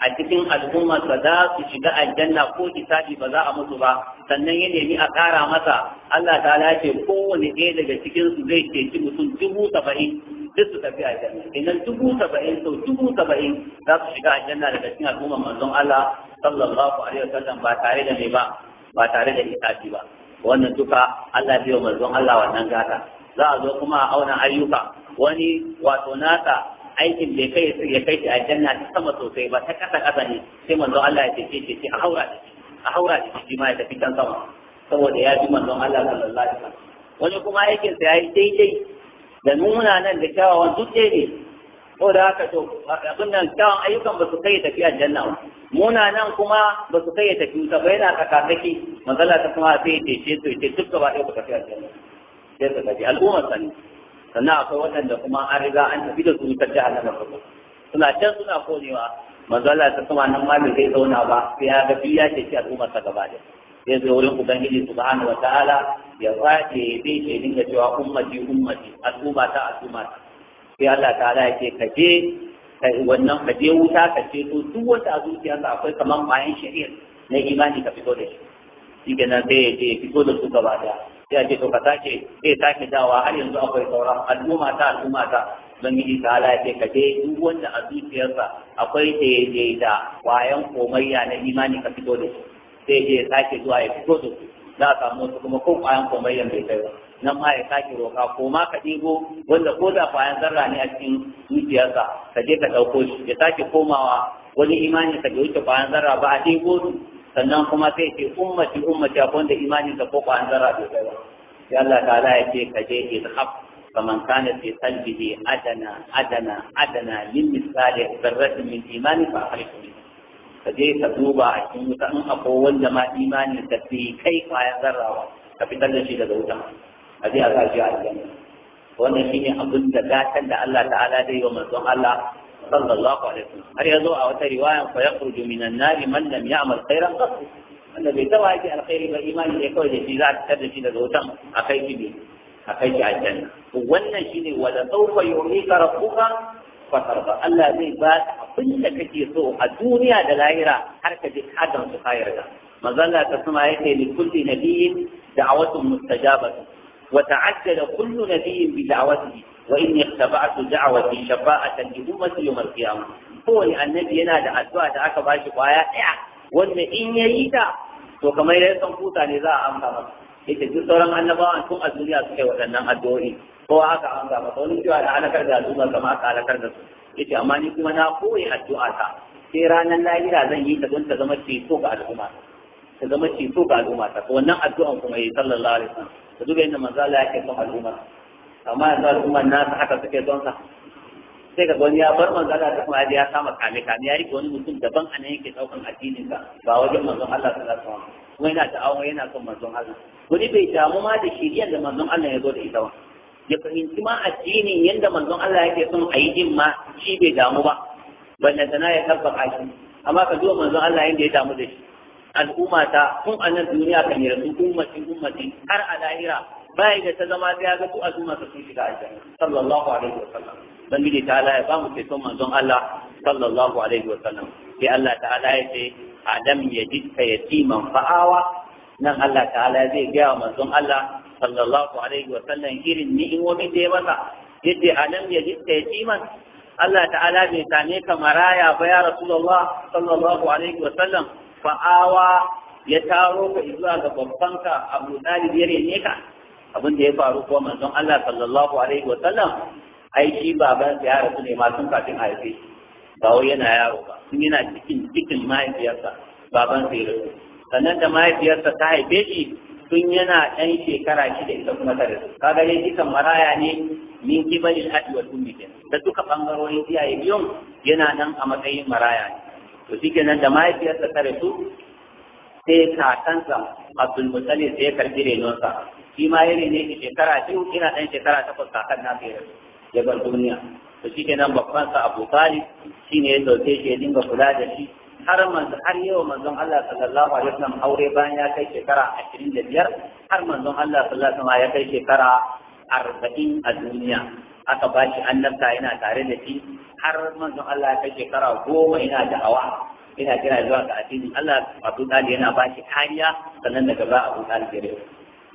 a cikin al'umma ba za su shiga aljanna ko hisabi ba za a mutu ba sannan ya nemi a ƙara masa Allah ta'ala ce kowane ɗaya daga cikin su zai ceci mutum dubu saba'in duk su tafi aljanna idan dubu saba'in sau dubu saba'in za su shiga aljanna daga cikin al'umma manzon Allah sallallahu alaihi wasallam ba tare da mai ba ba tare da hisabi ba wannan duka Allah bai wa manzon Allah wannan gata za a zo kuma a auna ayyuka wani wato nasa aikin bai kai ya kai shi aljanna ta sama sosai ba ta kasa kasa ne sai manzon Allah ya tafi shi a haura da shi a haura da shi ma ya tafi can sama saboda ya ji manzon Allah sallallahu alaihi wasallam wani kuma aikin sa yayi daidai da nuna nan da kyawawan duk ne ko da haka to abin nan kyawun ayyukan ba su kai tafiya janna ba muna nan kuma ba su kai tafi ta ba yana tsakatsaki manzala ta kuma sai ce ce to ce duk gaba ɗaya ku tafi aljanna sai su tafi al'ummar sani sannan akwai waɗanda kuma an riga an tafi da su wutar jahannama kuma suna can suna konewa manzala ta kuma nan ma bai zai zauna ba sai ya ga biya ce ce al'ummar sa gaba ɗaya sai zai wurin ubangiji subhanahu wataala ya zaɗe ya dinga cewa ummati ummati al'umma ta al'umma ta sai Allah ta'ala ya ce ka wannan ka je wuta ka ce to duk wata a zuciyarsa akwai kamar bayan shari'ar na imani ka fito da shi shi kenan sai ya fito da su gaba daya sai a ce to ka sake sai sake dawa har yanzu akwai saura al'umma ta al'umma ta ubangiji ta ala ya ce ka je duk wanda a zuciyarsa akwai daidai da kwayan komayya na imani ka fito da shi sai ya sake zuwa ya fito da su za a samu wasu kuma ko kwayan komayyan bai kai ba nan ma ya sake roƙa ko ma ka ɗigo wanda ko da kwayan zarra ne a cikin zuciyarsa ka je ka ɗauko shi ya sake komawa wani imanin ka ɗauki kwayan zarra ba a ɗigo su sannan kuma sai ce ummati ummati akwai wanda imanin ka ko kwayan zarra bai kai ba sai Allah ta'ala ya ce ka je izhab faman kana fi qalbihi adana adana adana lil misali zarratin min imani fa halikum ka je ka duba a cikin wuta in akwai wanda ma imanin ka fi kai kwayan zarra ka fitar da shi daga wuta a je a sa shi a aljanna wannan ne abin da gatan da Allah ta'ala zai wa manzon Allah sallallahu alaihi wasallam har yazo a wata riwaya fa yakhruju minan nar man lam ya'mal khairan qat wanda bai taba yake alkhairi ba imani ne kawai da shi za ta tada shi daga wutan kai shi ne kai shi aljanna wannan shine wala sawfa yu'tika rabbuka fa tarda Allah zai ba ka abin da kake so a duniya da lahira har ka ji kadan su kayar da manzon Allah ta sama yake li kulli nabiyyin da'awatun mustajabatu وتعجل كل نبي بدعوته وإني اختبعت دعوتي شفاءة لأمتي يوم القيامة هو النبي ينادى الدعاء دعاك باشي قايا وإن إن يريد to kamar ya san kuta ne za a amsa masa yace duk sauran annabawan tun a duniya suka yi waɗannan addu'o'i ko aka amsa masa wani cewa da halakar da al'umma kama aka halakar da su yace amma ni kuma na koyi addu'a ta sai ranar lahira zan yi ta don ta zama ceto ga al'umma ta zama ceto ga al'umma ta wannan addu'an kuma yayi ka duba inda manzo Allah yake son al'umma amma yanzu al'umma nasu haka suke son sa sai ka wani ya bar manzo Allah da kuma ya kama kame kame ya yi wani mutum daban a nan yake daukan addinin ka ba wajen manzo Allah sallallahu alaihi wasallam kuma yana da awo yana son manzo Allah wani bai damu ma da shiriyar da manzo Allah ya zo da ita ba ya fahimci ma addinin yadda manzo Allah yake son a yi din ma shi bai damu ba balle sana ya tabbata shi amma ka duba manzo Allah yadda ya damu da shi al'umma ta tun a nan duniya kan yi rasu ummatin ummatin har a lahira bai da ta zama ta yaga su al'umma ta sun shiga aljanna sallallahu alaihi wa sallam dan gidi ta Allah ya ba mu son manzon Allah sallallahu alaihi wa sallam sai Allah ta'ala ya ce adam yajidka yatiman fa'awa nan Allah ta'ala zai ga manzon Allah sallallahu alaihi wa sallam irin ni'imomi da ya masa yace alam yajidka yatiman Allah ta'ala bai same ka maraya ba ya Rasulullah sallallahu alaihi wa sallam fa'awa ya taro ka zuwa ga ka abu dalib ya rene ka abin da ya faru kuma manzon Allah sallallahu alaihi wa sallam ai shi baban da ya rasu ne ma sun kafin haife ba wai yana yaro ba Sun yana cikin cikin mahaifiyarsa baban sai rasu sannan da mahaifiyarsa ta haife shi tun yana ɗan shekara shida ita kuma ta rasu kaga dai dukan maraya ne min kibalil hadi wal ummi da duka bangarorin iyaye biyun yana nan a matsayin maraya ne to shi kenan da mahaifiyarsa ta rasu sai kakansa abdul mutalib sai ya karbi renonsa shi ma ya rene shi shekara biyu ina ɗan shekara takwas kakan na sai ya bar duniya to shi kenan babbansa abu talib shi ne ya dauke shi ya dinga kula da shi har manzo har yau manzon Allah sallallahu alaihi wasallam aure bayan ya kai shekara 25 har manzon Allah sallallahu alaihi wasallam ya kai shekara arba'in a duniya aka ba shi annabta yana tare da shi har manzon Allah ya kai shekara goma yana da hawa yana kira zuwa ga addinin Allah Abu Talib yana ba shi kariya sannan daga ba Abu Talib ya rayu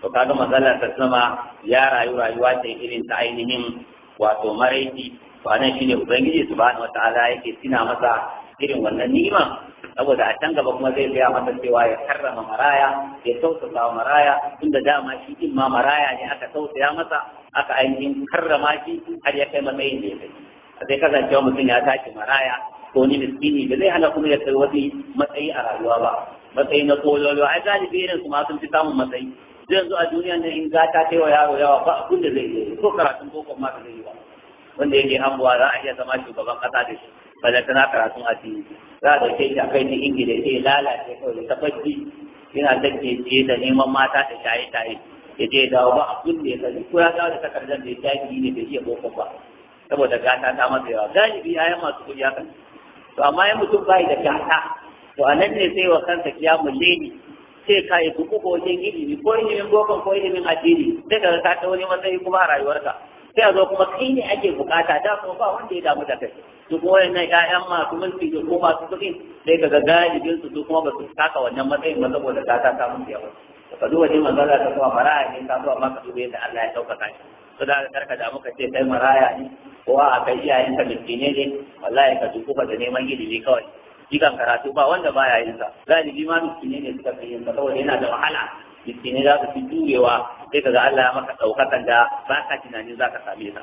to kaga matsalar ta ya rayu rayuwa ta irin ta ainihin wato maraiki to anan shine ubangiji subhanahu wataala yake tina masa irin wannan ni'ima saboda a can gaba kuma zai gaya masa cewa ya karrama maraya ya tausasa maraya tunda dama shi din ma maraya ne aka sautaya masa aka ainihin karrama shi har ya kai matsayin da ya kai sai kasancewa mutum ya tashi maraya ko ni miskini da zai hana kuma ya kai wani matsayi a rayuwa ba matsayi na kololo ai galibi irin su ma sun fi samun matsayi zo a duniya na in gata ta wa yaro yawa ba abin da zai yi ko karatun boko ma zai yi ba wanda yake hanbuwa za a iya zama shugaban kasa da shi balle tana karatun addini za a dauke shi a kai ni ingila ya lalace kawai ta fashi yana dake da neman mata da shaye-shaye ya je dawo ba abin da ya sani ko ya dawo da takardar da ya jaki ne bai iya boko ba saboda gata ta masa yawa galibi ya masu kuɗi hakan to amma ya mutum bai da gata to a nan ne sai wa kansa kiyamun leni sai ka yi buku ko wajen ilimi ko ilimin boko ko ilimin addini sai ka ta ta wani matsayi kuma a rayuwarka sai a zo kuma kai ne ake bukata da kuma ba wanda ya damu da kai su kuma wayannan ƴaƴan masu mulki da ko masu kuɗi sai ka ga galibin su kuma ba su taka wannan matsayin ba saboda ta ta samu yawa ka duba ne manzo ta kuma maraya ne ta zuwa maka duba yadda Allah ya ɗaukaka shi to da karka da muka ce kai maraya ne ko a kai iyayen ka miskine ne wallahi ka duku ka da neman ilimi kawai jikan karatu ba wanda ba ya yin sa galibi ma miskine ne suka fi yin sa saboda yana da wahala miskine za su fi jurewa sai ka ga Allah ya maka ɗaukakan da ba ka tunanin za ka same sa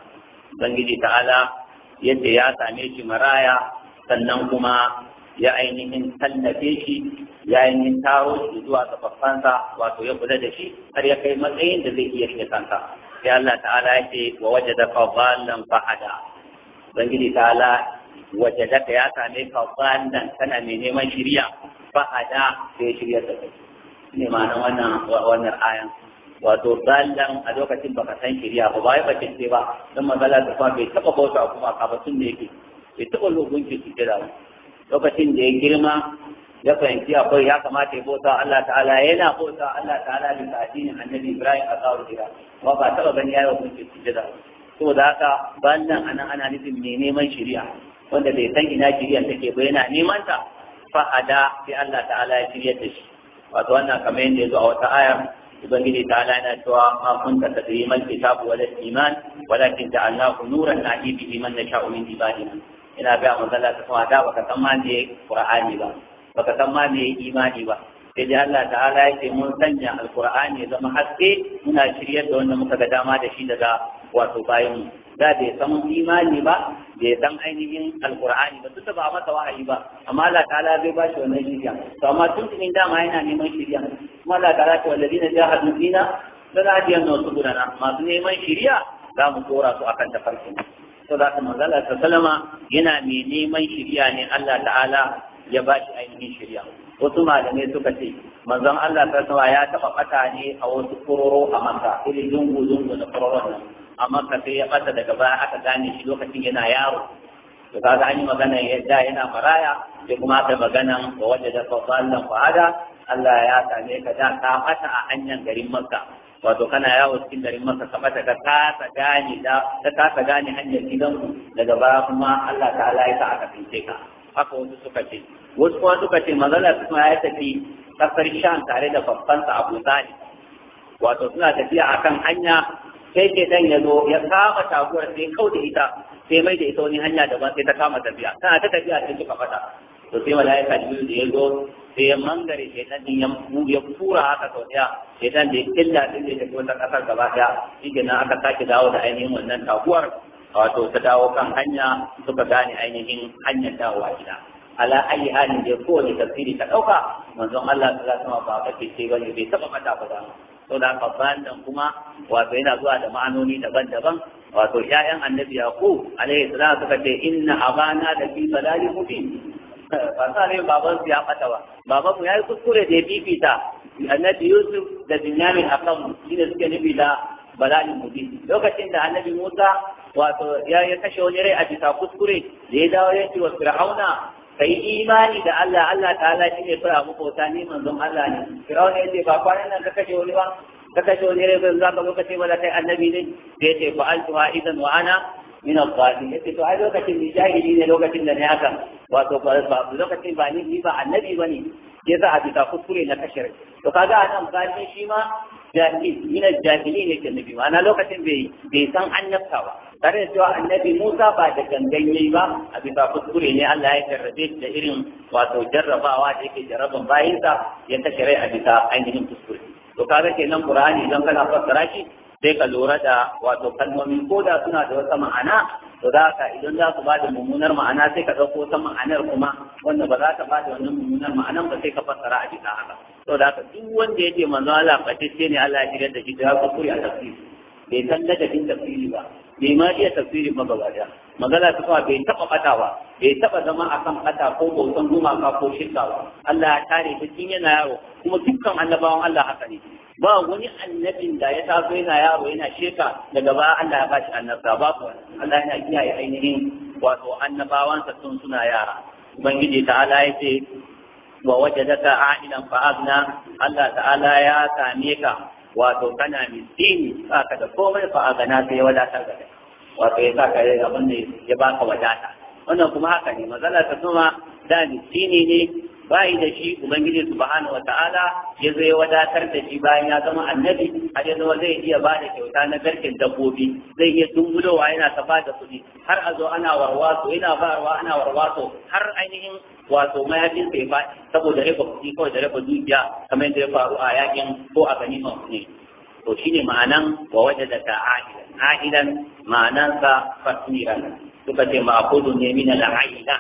ubangiji ta'ala yadda ya same shi maraya sannan kuma ya ainihin tallafe shi ya ainihin taro shi zuwa tsafaffansa wato ya kula da shi har ya kai matsayin da zai iya rike kansa sai Allah ta'ala ya ce wa wajada fadalan fahada ubangiji ta'ala wajada ka ya same ka fadalan kana mai neman shirya fahada sai shirya da kai ne ma'ana wannan wannan ayan wato zallan a lokacin baka san shirya ba ba ya bakin ba don magana da kuma bai taba bauta kuma kabatun da yake bai taba lokacin su kira lokacin da ya girma ya fahimci akwai ya kamata ya bauta Allah ta'ala yana bauta Allah ta'ala bi addinin annabi Ibrahim a tsawon gida ba ba taba gani yayi wannan sujjada saboda haka bayan nan anan ana nufin ne neman shari'a wanda bai san ina shari'a take ba yana neman ta fa'ada sai Allah ta'ala ya shirya da shi wato wannan kamar yadda ya zo a wata aya ubangiji ta'ala yana cewa ma kunta tadriman kitabu wal iman walakin ja'alnahu nuran nahdi bihi man nasha'u min ibadina ina ga manzala ta kuma da baka san ma ne qur'ani ba baka san ma ne imani ba sai dai Allah ta'ala ya ce mun sanya alqur'ani ya zama haske muna shiryar da wanda muka ga dama da shi daga wato bayan mu da bai san imani ba bai san ainihin alqur'ani ba duk da ba masa wahayi ba amma Allah ta'ala zai ba shi wannan shirya to amma tun da dama yana neman shirya kuma Allah ta'ala ta wallazina jahadu fina sanadiyan na wasu gudana masu neman shirya za mu tsora su akan tafarkin saboda haka manzala ta salama yana mai neman shirya ne Allah ta'ala ya ba shi ainihin shirya wasu malamai suka ce manzon Allah ta ya taɓa ɓata ne a wasu kororo a maka irin dungu-dungu da kororon nan a sai ya ɓata daga baya aka gane shi lokacin yana yaro to kaga an yi magana yadda yana maraya sai kuma aka magana wa wajen da sallan fa'ada Allah ya same ka da ka a hanyar garin Makka wato kana yawo cikin garin masa kamar ta kasa gane da ta kasa gane hanyar gidanku daga baya kuma Allah ta'ala ya sa aka fice ka haka wasu suka ce wasu kuma suka ce manzala kuma ya tafi kasar shan tare da babban sa Abu Talib wato suna tafiya akan hanya sai ke dan ya zo ya kama taguwar sai kau da ita sai mai da ita wani hanya daban sai ta kama tafiya tana ta tafiya sai kika fata to sai malaika jibril da ya zo sai ya mangare shaitan din ya fura haka sau daya shaitan da ya killa din da ya tafi kasar gaba daya shi kenan aka sake dawo da ainihin wannan taguwar wato ta dawo kan hanya suka gane ainihin hanyar dawowa gida ala ayi halin da kowane tafsiri ta ɗauka manzon Allah ta zama ba ka ce ba ne bai taɓa mata ba da to da kafan dan kuma wato yana zuwa da ma'anoni daban-daban wato ya'yan annabi yaqub alaihi salam suka ce inna abana da fi balali mubin ba sa ne baban su ya bata ba baban mu yayi kuskure da ya bibita annabi yusuf da binyamin akan mu shine suke nufi da bala'in mudi lokacin da annabi musa wato ya ya kashe wani rai a bisa kuskure da ya dawo ya ce wa fir'auna kai imani da Allah Allah ta'ala shi ne fara muku wata ni manzon Allah ne fir'auna yace ce ba kwanan nan ka kashe wani ba ka kashe wani rai ba za ka lokaci ba da kai annabi ne da ya ce fa'altuha idan wa ana min al-qadi yace to ai lokacin ni jahili ne lokacin da ne hakan wato ba lokacin ba ni ba annabi bane ya za a bisa kuskure na kashir to kaga a nan bayan shi ma jahil min jahili ne ke nabi lokacin bai san annabta ba tare a cewa annabi Musa ba da gangan ba a bisa kuskure ne Allah ya jarrabe da irin wato jarrabawa da yake jarraban bayinsa ya kashire a bisa ainihin kuskure to kaga kenan Qur'ani idan kana fassara shi sai ka lura da wato kalmomi ko da suna da wata ma'ana to za ka idan za ba bada mummunar ma'ana sai ka ɗauko wata ma'anar kuma wanda ba za ta bada wannan mummunar ma'anar ba sai ka fassara a cikin haka to da haka duk wanda ya ce manzo Allah fatacce ne Allah ya shigar da shi ya kuskure a tafsiri bai san ladabin tafsiri ba bai ma iya tafsirin ba gaba daya magana ta kuma bai taba fata ba bai taba zama a kan fata ko bautan gumaka ko shirka ba Allah ya tare ta tun yana yaro kuma dukkan annabawan Allah haka ne ba wani annabin da ya taso yana yaro yana sheka daga baya Allah ya ba shi annabta babu Allah yana kiyaye ainihin wato annabawansa tun suna yara ubangiji ta'ala ya ce wa wajadaka a'ilan fa agna Allah ta'ala ya same ka wato kana miskin saka da komai fa agana sai wadatar da kai wato ya saka abin da ya baka wadata wannan kuma haka ne mazalar ta kuma da miskini ne bai da shi ubangiji subhanahu wataala ya zai ya wadatar da shi bayan ya zama annabi A ya zama zai iya ba da kyauta na garkin dabbobi zai iya dumbulowa yana ta da kuɗi har a zo ana warwaso yana barwa ana warwaso har ainihin wato mayafin sai ba saboda raba kuɗi kawai da raba dukiya kamar yadda ya faru a yakin ko a gani ne to shine ma'anan wa da ta ahilan ahilan ma'anansa fasiran suka ce ma'akudu ne min al'aila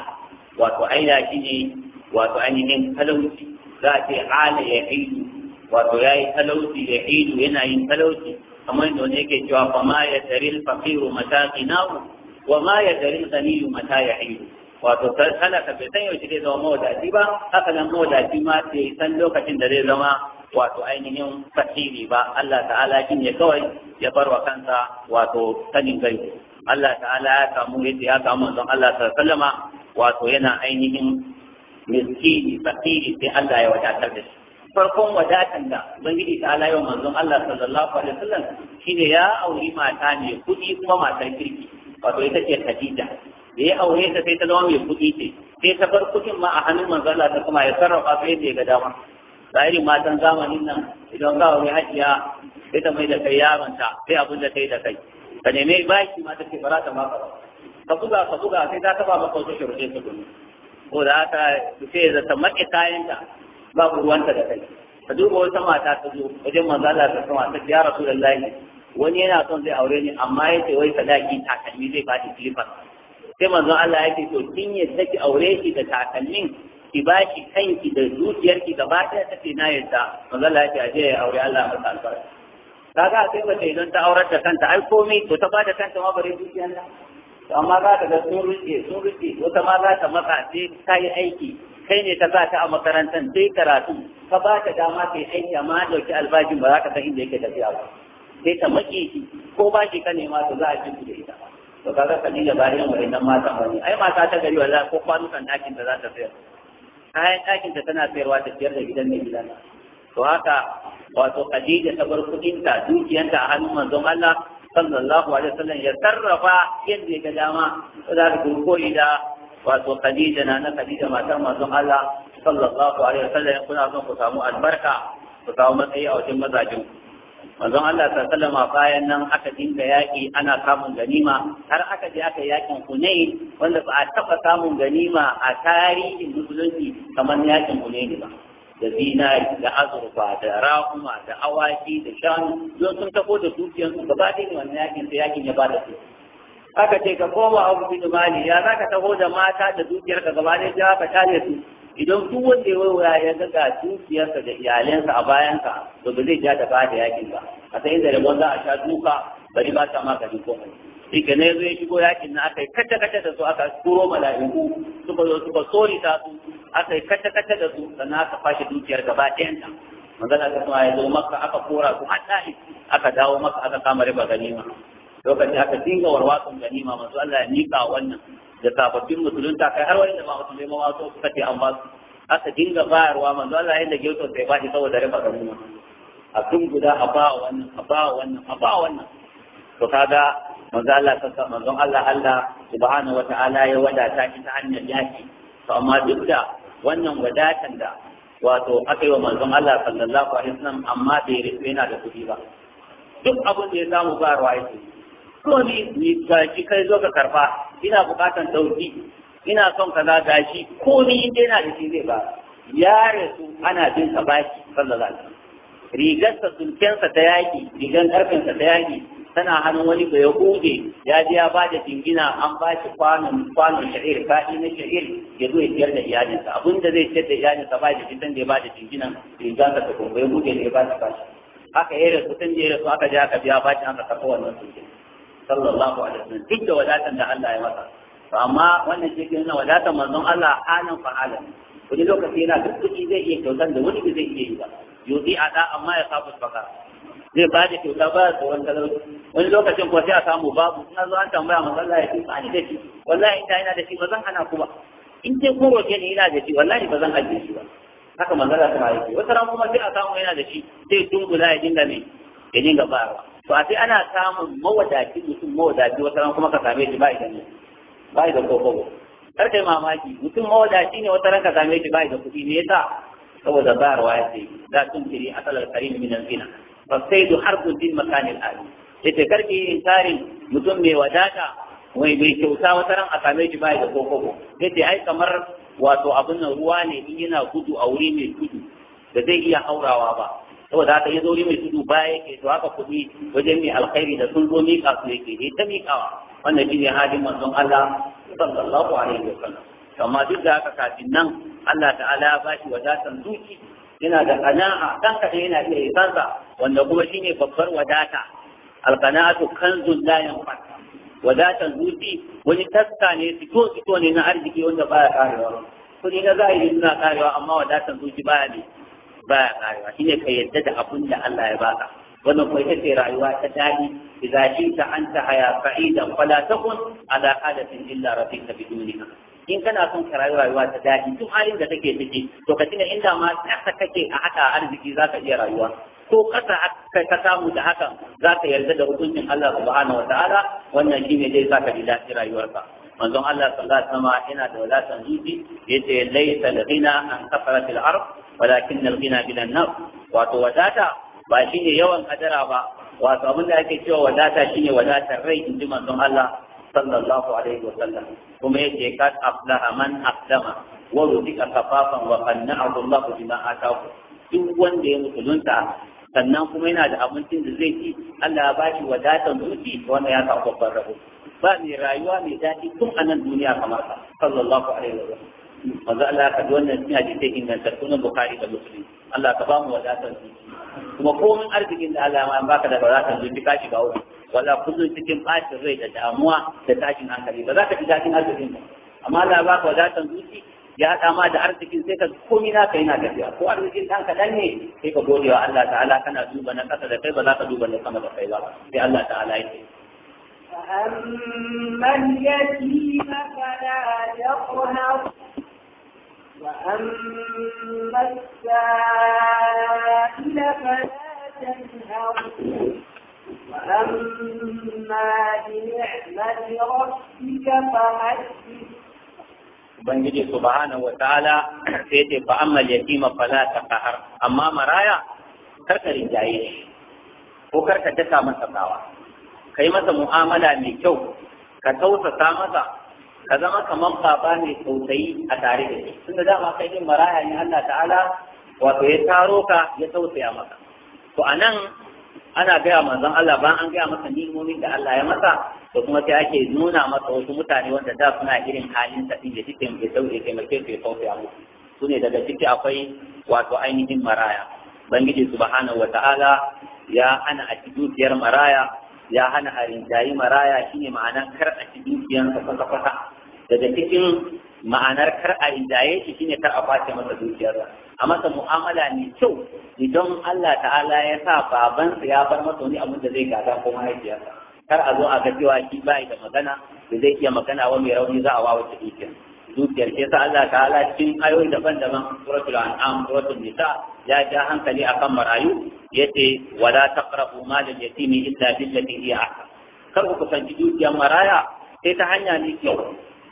wato aila shine wato ainihin talauci za a ce ala ya idu wato ya yi talauci ya idu yana yin talauci kamar yadda wani yake cewa fa ma ya taril faqiru mata qinahu wa ma ya taril ghaniyu mata ya idu wato talaka bai san yaushe zai zama mawadaci ba haka nan mawadaci ma sai san lokacin da zai zama wato ainihin fasiri ba Allah ta'ala kin ya kawai ya bar wa kansa wato sanin gaibu Allah ta'ala ya samu yadda ya samu don Allah ta sallama wato yana ainihin miskini fakiri sai Allah ya wadatar da shi farkon wadatan da ubangiji ta Allah yau manzon Allah sallallahu alaihi wasallam shine ya auri mata ne kudi kuma matar kirki wato ita ce Khadija da ya aure ta sai ta zama mai kudi ce sai ta bar kudin ma a hannun manzon Allah ta kuma ya sarrafa sai ya ga dama tsari matan zamanin nan idan ka aure hajiya sai ta mai da kai yaronta sai abin da ta yi da kai ka neme baki ma ta ce bara ta maka ka buga ka buga sai ta taba maka wasu shirye ta gudu ko da haka sai ya zata maƙe kayanta babu ruwanta da kai ka duba wata mata ta zo wajen manzo Allah ta sama ta ya rasulullahi wani yana son zai aure ni amma ya ce wai sadaki takalmi zai ba shi kilifa sai manzo Allah ya ce to kin yi ki aure shi da takalmin ki ba shi kanki da zuciyarki gaba ɗaya ta ce na yadda manzo Allah ya ce aje ya aure Allah masa albarka kaga sai mace idan ta aurar da kanta ai to ta ba da kanta ma bare zuciyarta amma za ka ga sun rike sun rike wata ma za ta maka sai ta yi aiki kai ne ka sa ta a makarantar sai karatu ka ba ta dama ta yi aiki amma an ɗauki albashin ba za ka san inda yake tafiya ba sai ta maki shi ko ba shi ka nema to za a ci da ita to kaga da bayan wayannan matan bane ai mata ta gari wanda ko kwanukan ɗakin da za ta sayar kayan ɗakin ta tana sayarwa ta fiyar da gidan mai gidan to haka wato Khadija ta bar kuɗinta dukiyanta a hannun manzon Allah sallallahu alaihi wasallam ya sarrafa yadda ya ga dama da ku koyi da wato Khadija na na Khadija matar manzon Allah sallallahu alaihi wasallam kuna son ku samu albarka ku samu matsayi a wajen mazajin manzon Allah sallallahu alaihi bayan nan aka dinga yaki ana samun ganima har aka je aka yakin Hunayn wanda ba a taba samun ganima a tarihin musulunci kamar yakin Hunayn ba da zinari da azurfa da rahuma da awaki da shanu don sun tafo da dukiyansu gaba ɗaya wannan yakin sai yakin ya bada su aka ce ka koma abu bin mali ya zaka taho da mata da dukiyar ka gaba ɗaya ka tare su idan su wanda ya waya ya ga dukiyarsa da iyalansa a bayanka, to ba zai ja da bada yakin ba a sai da rabon za a sha duka bari ba ta magani komai shi ke ne zai shigo yakin na aka yi kacce kacce da su aka turo mala'iku suka zo suka tsori ta su aka yi kata-kata da su sannan aka fashe dukiyar gaba ɗayan ta magana ta kuma ya zo maka aka kora su haɗa aka dawo maka aka kama riba ganima Lokacin aka dinga warwatsun ganima masu Allah ya miƙa wannan da sababbin musulunta kai har wani da ba musulmai ma wasu suka ce an ba su aka dinga bayarwa manzo Allah ya da gautar sai ba shi saboda riba ganima a tun guda a ba wannan a ba wannan a ba wannan to kaga manzo Allah sassa manzon Allah Allah subhanahu wataala ya wadata shi ta hanyar yaki to amma duk da wannan wadatan da wato aka yi wa manzon Allah sallallahu alaihi wasallam amma bai rufe yana da kuɗi ba duk abin da ya samu ba ruwa yake so ni ni gashi kai zo ka karba ina bukatan dauki ina son kaza gashi ko ni inda yana da shi zai ba ya rasu ana bin sa baki sallallahu alaihi wasallam rigarsa sulkensa ta yaki rigan karfinsa ta yaki tana hannun wani bai hude ya je ya ba da jingina an ba shi kwanon kwanon sha'ir kaɗi na sha'ir ya zo ya ciyar da iyalinsa abin da zai ciyar da iyalinsa ba da fitan da ya ba da jinginan riga ka ta gumbai hude ne ya ba shi ba haka ya rasu tun da ya rasu aka je aka biya ba shi aka kafa wannan sunkin sallallahu alaihi wasallam duk da wadatan da Allah ya masa to amma wannan shi na wadatan manzon Allah halin fa halin wani lokaci yana duk kuɗi zai iya kyautar da wani zai iya yi ba yuzi a da amma ya sabu bakara zai ba da kyauta ba da tsoron talauci wani lokacin ko sai a samu babu na zo an tambaya manzo ya ce ba ni da shi wallahi ina ina da shi ba zan hana ku ba in ce kun roke ni ina da shi wallahi ba zan ajiye shi ba haka manzo ta ta yake wata ran kuma sai a samu yana da shi sai dungula ya dinga ne ya dinga bayarwa to a sai ana samun mawadaci mutum mawadaci wata ran kuma ka same shi ba idan ne ba idan ko ko kar kai mamaki mutum mawadaci ne wata ran ka same shi ba idan kuɗi ne sa saboda bayarwa ya ce za tun kiri asalar karim minan zina fasaidu harfun din makanin ali yi karki inkarin mutum mai wadata wai bai kyauta wata ran a same shi bai da kokoko yace ai kamar wato abin ruwa ne in yana gudu a wuri mai gudu da zai iya haurawa ba saboda haka ya zo mai gudu baya yake to haka kuɗi wajen mai alkhairi da sun zo miƙa su yake ya ta miƙawa wannan shi ne halin manzon Allah sallallahu alaihi wa sallam amma duk da haka kafin nan Allah ta'ala ya bashi shi wadatan yana da kana'a dan kaɗai yana iya isansa wanda kuma shine babbar wadata alkanatu kanzun la yanfat wadatan zuci wani taska ne fito fito ne na arziki wanda baya karewa kudi na yi suna karewa amma wadatan zuci baya ne baya karewa shine ka yadda da abin da Allah ya baka wannan kuma ita ce rayuwa ta daɗi idza shi'ta anta haya sa'idan fala takun ala hadatin illa rafiqa bidunika in kana son ka rayu rayuwa ta daɗi duk halin da kake ciki to ka tuna inda ma tsaka kake a haka arziki za ka iya rayuwa ko kasa kai ka samu da hakan za ka yarda da hukuncin Allah subhanahu wataala wannan shine zai sa ka ji daɗin rayuwarka manzon Allah sallallahu alaihi wasallam yana da wadatan zuci yace laysa al-ghina an kafarat al-ard walakin al-ghina bil nafs wato wadata ba shine yawan kadara ba wato abin da ake cewa wadata shine wadatar rai inji manzon Allah sallallahu alaihi wasallam kuma yace kad aflaha man aslama wa ruzika kafafan wa qanna'ahu Allah bima ataahu duk wanda ya musulunta sannan kuma yana da abincin da zai ci Allah ya bashi wadatan zuci wanda ya samu babban rabo ba mai rayuwa mai daɗi tun a nan duniya kamar ka sallallahu alaihi wa sallam manzo Allah ka kaji wannan cikin hadisi ingantattu na Bukhari da Muslim Allah ka ba mu wadatan zuci kuma komai arzikin da Allah ya baka da wadatan zuci ka shiga uku wala kullum cikin bacin rai da damuwa da tashin hankali ba za ka ji daɗin arzikin ba amma Allah ya baka wadatan zuci ya dama da arzikin sai ka komi na kai na tafiya ko arzikin ɗan kaɗan ne sai ka gode wa Allah ta'ala kana duba na ƙasa da kai ba za ka duba na sama da kai ba sai Allah ta'ala ya ce فأما اليتيم فلا يقهر وأما السائل فلا تنهر وأما بنعمة ربك ubangiji subhanahu wa ta'ala sai ce fa amma yatima fala taqhar amma maraya karka rinjaye shi ko karka taka masa tsawa kai masa mu'amala mai kyau ka tausasa masa ka zama kamar baba mai tausayi a tare da shi tunda dama kai din maraya ne Allah ta'ala wato ya taro ka ya tausaya maka to anan ana gaya manzon Allah ba an gaya masa nilmomin da Allah ya masa da kuma sai ake nuna masa wasu mutane wanda da suna irin halin sa din da suke ke da ke mace ke sauke a musu su daga ciki akwai wato ainihin maraya bangiji subhanahu wataala ya hana a dukiyar maraya ya hana a rinjayi maraya shine ma'anar kar a dukiyar kafa daga cikin ma'anar kar a rinjaye shi shine kar a kwace masa dukiyarsa a masa mu'amala mai kyau idan Allah ta'ala ya sa baban babansa ya bar masa wani abin da zai gada ko mahaifiyarsa kar a zo a ga cewa shi bai da magana da zai iya magana wa mai rauni za a wawo ta dukiyar dukiyar ke sa Allah ta'ala cikin ayoyi daban-daban suratul an'am suratul nisa ya ja hankali akan marayu yace wala taqrabu malal yatimi illa billati hiya ahsan kar ku kusanci dukiyar maraya sai ta hanya ne kyau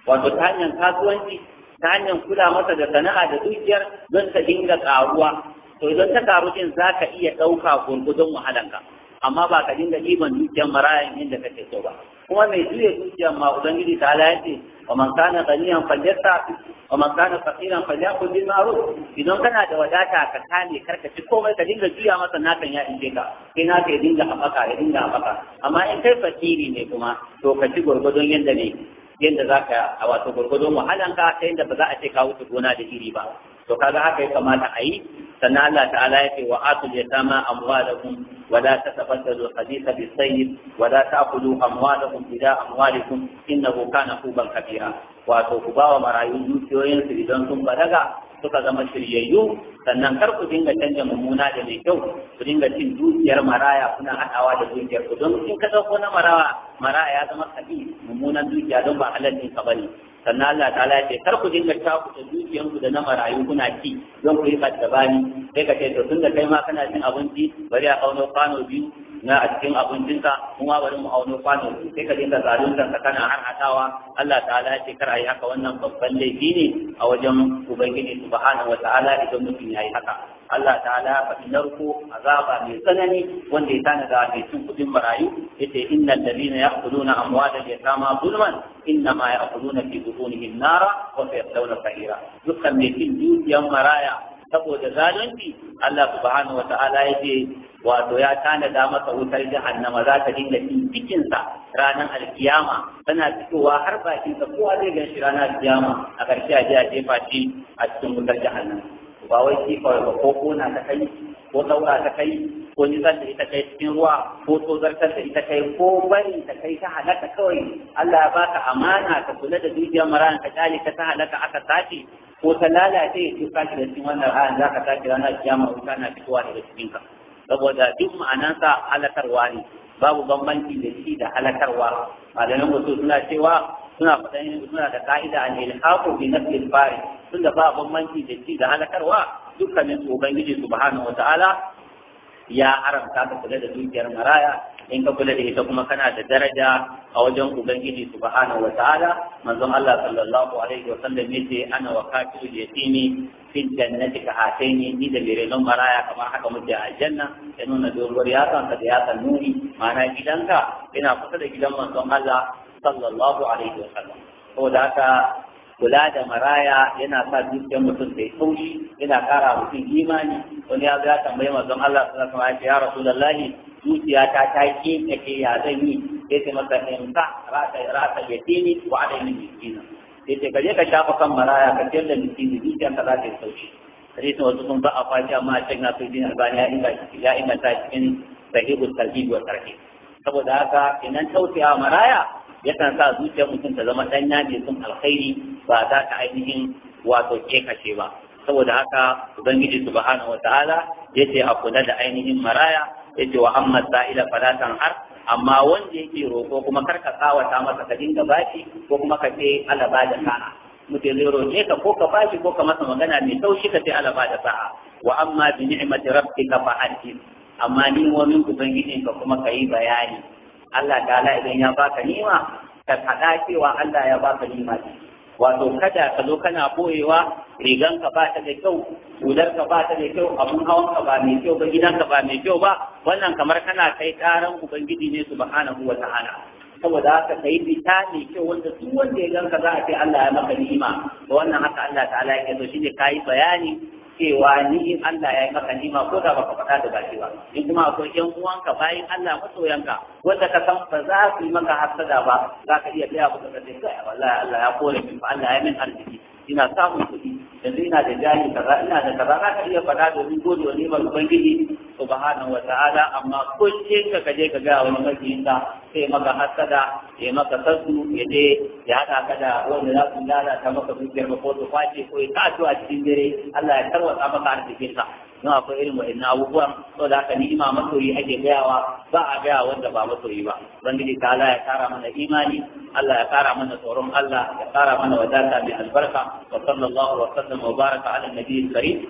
wato ta hanyar kasuwanci ta hanyar kula masa da sana'a da dukiyar don ta dinga karuwa to idan ta karu din za ka iya ɗauka gurgudun wahalanka amma ba ka dinga ɗiban dukiyar marayan inda kake so ba kuma mai juya dukiyar ma ubangiji ta ala yace wa man kana ganiyan falyasta wa man kana faqiran falyakul bil ma'ruf idan kana da wadata ka kame karka ci komai ka dinga juya masa nakan ya inje ka sai na ka dinga haɓaka ya dinga haɓaka amma in kai fakiri ne kuma to ka ci gurgudun yadda ne yadda za ka a wato gwargwadon wahalanka ta yadda ba za a ce ka wuce gona da iri ba to kaga haka ya kamata a yi sannan Allah ta'ala ya ce wa atul yatama amwalakum wa la tatabaddalu al-haditha sayyid wa la ta'kulu amwalakum ila amwalikum innahu kana huban kabira wato ku bawa marayu dukiyoyin su idan sun balaga suka zama shiryayyu sannan kar ku dinga canja mummuna da mai kyau ku dinga cin dukiyar maraya kuna haɗawa da dukiyar ku don in ka na marawa, maraya ya zama kaɗi mummunan dukiya don ba halalcin ka bane sannan Allah ta ya ce kar ku dinga taku da ku da na marayu kuna ci don ku yi kaddabani sai ka ce to tun da kai ma kana cin abinci bari a kauno kwano biyu na a cikin abincinka kuma bari mu auno kwano sai ka dinga zaluntar ka kana har hatawa Allah ta'ala ya ce kar a yi haka wannan babban laifi ne a wajen ubangiji subhanahu wata'ala idan mutum ya yi haka Allah ta'ala ya faɗi narko azaba mai tsanani wanda ya da mai cin kuɗin marayu yace innal ladina ya'kuluna amwalal yatama zulman innama ya'kuluna fi butunihim nara wa sayasawna sa'ira dukkan mai cin dukiyar maraya saboda zalunci Allah subhanahu wata'ala ya ce wato ya tanada masa wutar jahannama za ta dinga cin ranar alkiyama tana fitowa har bakinsa kowa zai gan shi ranar alkiyama a ƙarshe a jiya jefa shi a cikin wutar jahannama ba wai shi ba ko kona ta kai ko saura ta kai ko nisan ita kai cikin ruwa ko tozartar da ita kai ko bari ta kai ta halaka kawai Allah ya baka amana ka kula da dukiyar mara ka kyale ka ta halaka aka sace ko ta lalace ya ce ka shiga cikin wannan ayan za ka tashi ranar kiyama wuta na fitowa daga cikin ka saboda duk ma'anansa halakarwa ne babu bambanci da shi da halakarwa malamin wasu suna cewa suna faɗan suna da ka'ida a ilhaqu bi na al fari tunda ba bambanci da shi da halakarwa dukkanin ubangiji subhanahu ta'ala ya haramta ka kula da dukiyar maraya in ka kula da ita kuma kana da daraja a wajen ubangiji subhanahu wa ta'ala manzon Allah sallallahu alaihi wa sallam yace ana wa kafiru yatimi fi jannati ka hataini ni da birelon maraya kamar haka muke a janna ya nuna doruwar yatsan ka da yatsan nuni Mana gidanka ina kusa da gidan manzon Allah sallallahu alaihi wa sallam saboda haka kula da maraya yana sa dukiyar mutum ta yi taushi yana kara mutum imani wani ya zo ya tambayi manzon Allah sallallahu alaihi wasallam ya rasulullahi zuciya ta ta ke kake ya zan yi sai sai masa sa, rasa rasa ni wa adai min miskina sai ce gaje ka shafa kan maraya ka tilla miskini zuciya ka za ta yi sauki hadisin wasu sun ba a fashi amma a cikin asirin albani ya inganta cikin sahihul tarhib wa tarhib saboda haka idan tausaya maraya yakan sa zuciyar mutum ta zama ɗanya mai sun alkhairi ba za ta ainihin wato ke kashe ba saboda haka ubangiji subhanahu Ya ce a kula da ainihin maraya yace wa amma sa'ila fala har amma wanda yake roƙo kuma kar ka kawata masa ka dinga baki ko kuma ka ce Allah ba da sa'a mutum zai roƙe ka ko ka bashi ko ka masa magana mai taushi ka ce Allah ba da sa'a wa amma bi ni'mati rabbika fa hadith amma ni wani ubangijin ka kuma kai bayani Allah ta'ala idan ya baka nima ka cewa Allah ya baka nima wato kada ka zo kana boyewa riganka ba ta da kyau ka ba ta da kyau abun hawanka ba mai kyau ba gidanka ba mai kyau ba wannan kamar kana kai karan ubangiji ne subhanahu wa ta'ala saboda haka ka yi fita mai kyau wanda duk wanda ya ganka za a ce Allah ya maka ni'ima wannan haka Allah ta'ala ya so shine ka yi bayani cewa ni in Allah ya yi maka nima ko da baka fada da baki ba in kuma akwai ƴan uwanka bayan Allah masoyanka wanda ka san ba za su yi maka hasada ba za ka iya gaya musu ka ce kai wallahi Allah ya kore min ba Allah ya min arziki ina samun kuɗi yanzu ina da jari kaza ina da kaza za ka iya faɗa domin gode wa neman ubangiji subhanahu wa ta'ala amma kullum ka kaje ka ga wani makiyinka sai maka hasada ya maka sassu ya je ya haɗa ka da wanda za su lalata maka dukiyar ko su kwace ko ya tasu a cikin dare Allah ya tarwatsa maka arzikinsa don akwai irin wa'annan abubuwan so da haka ni'ima masoyi ake gayawa ba a gaya wanda ba masoyi ba ubangiji ta Allah ya kara mana imani Allah ya kara mana tsoron Allah ya kara mana wadata mai albarka wa sallallahu wa sallam wa baraka ala nabiyil karim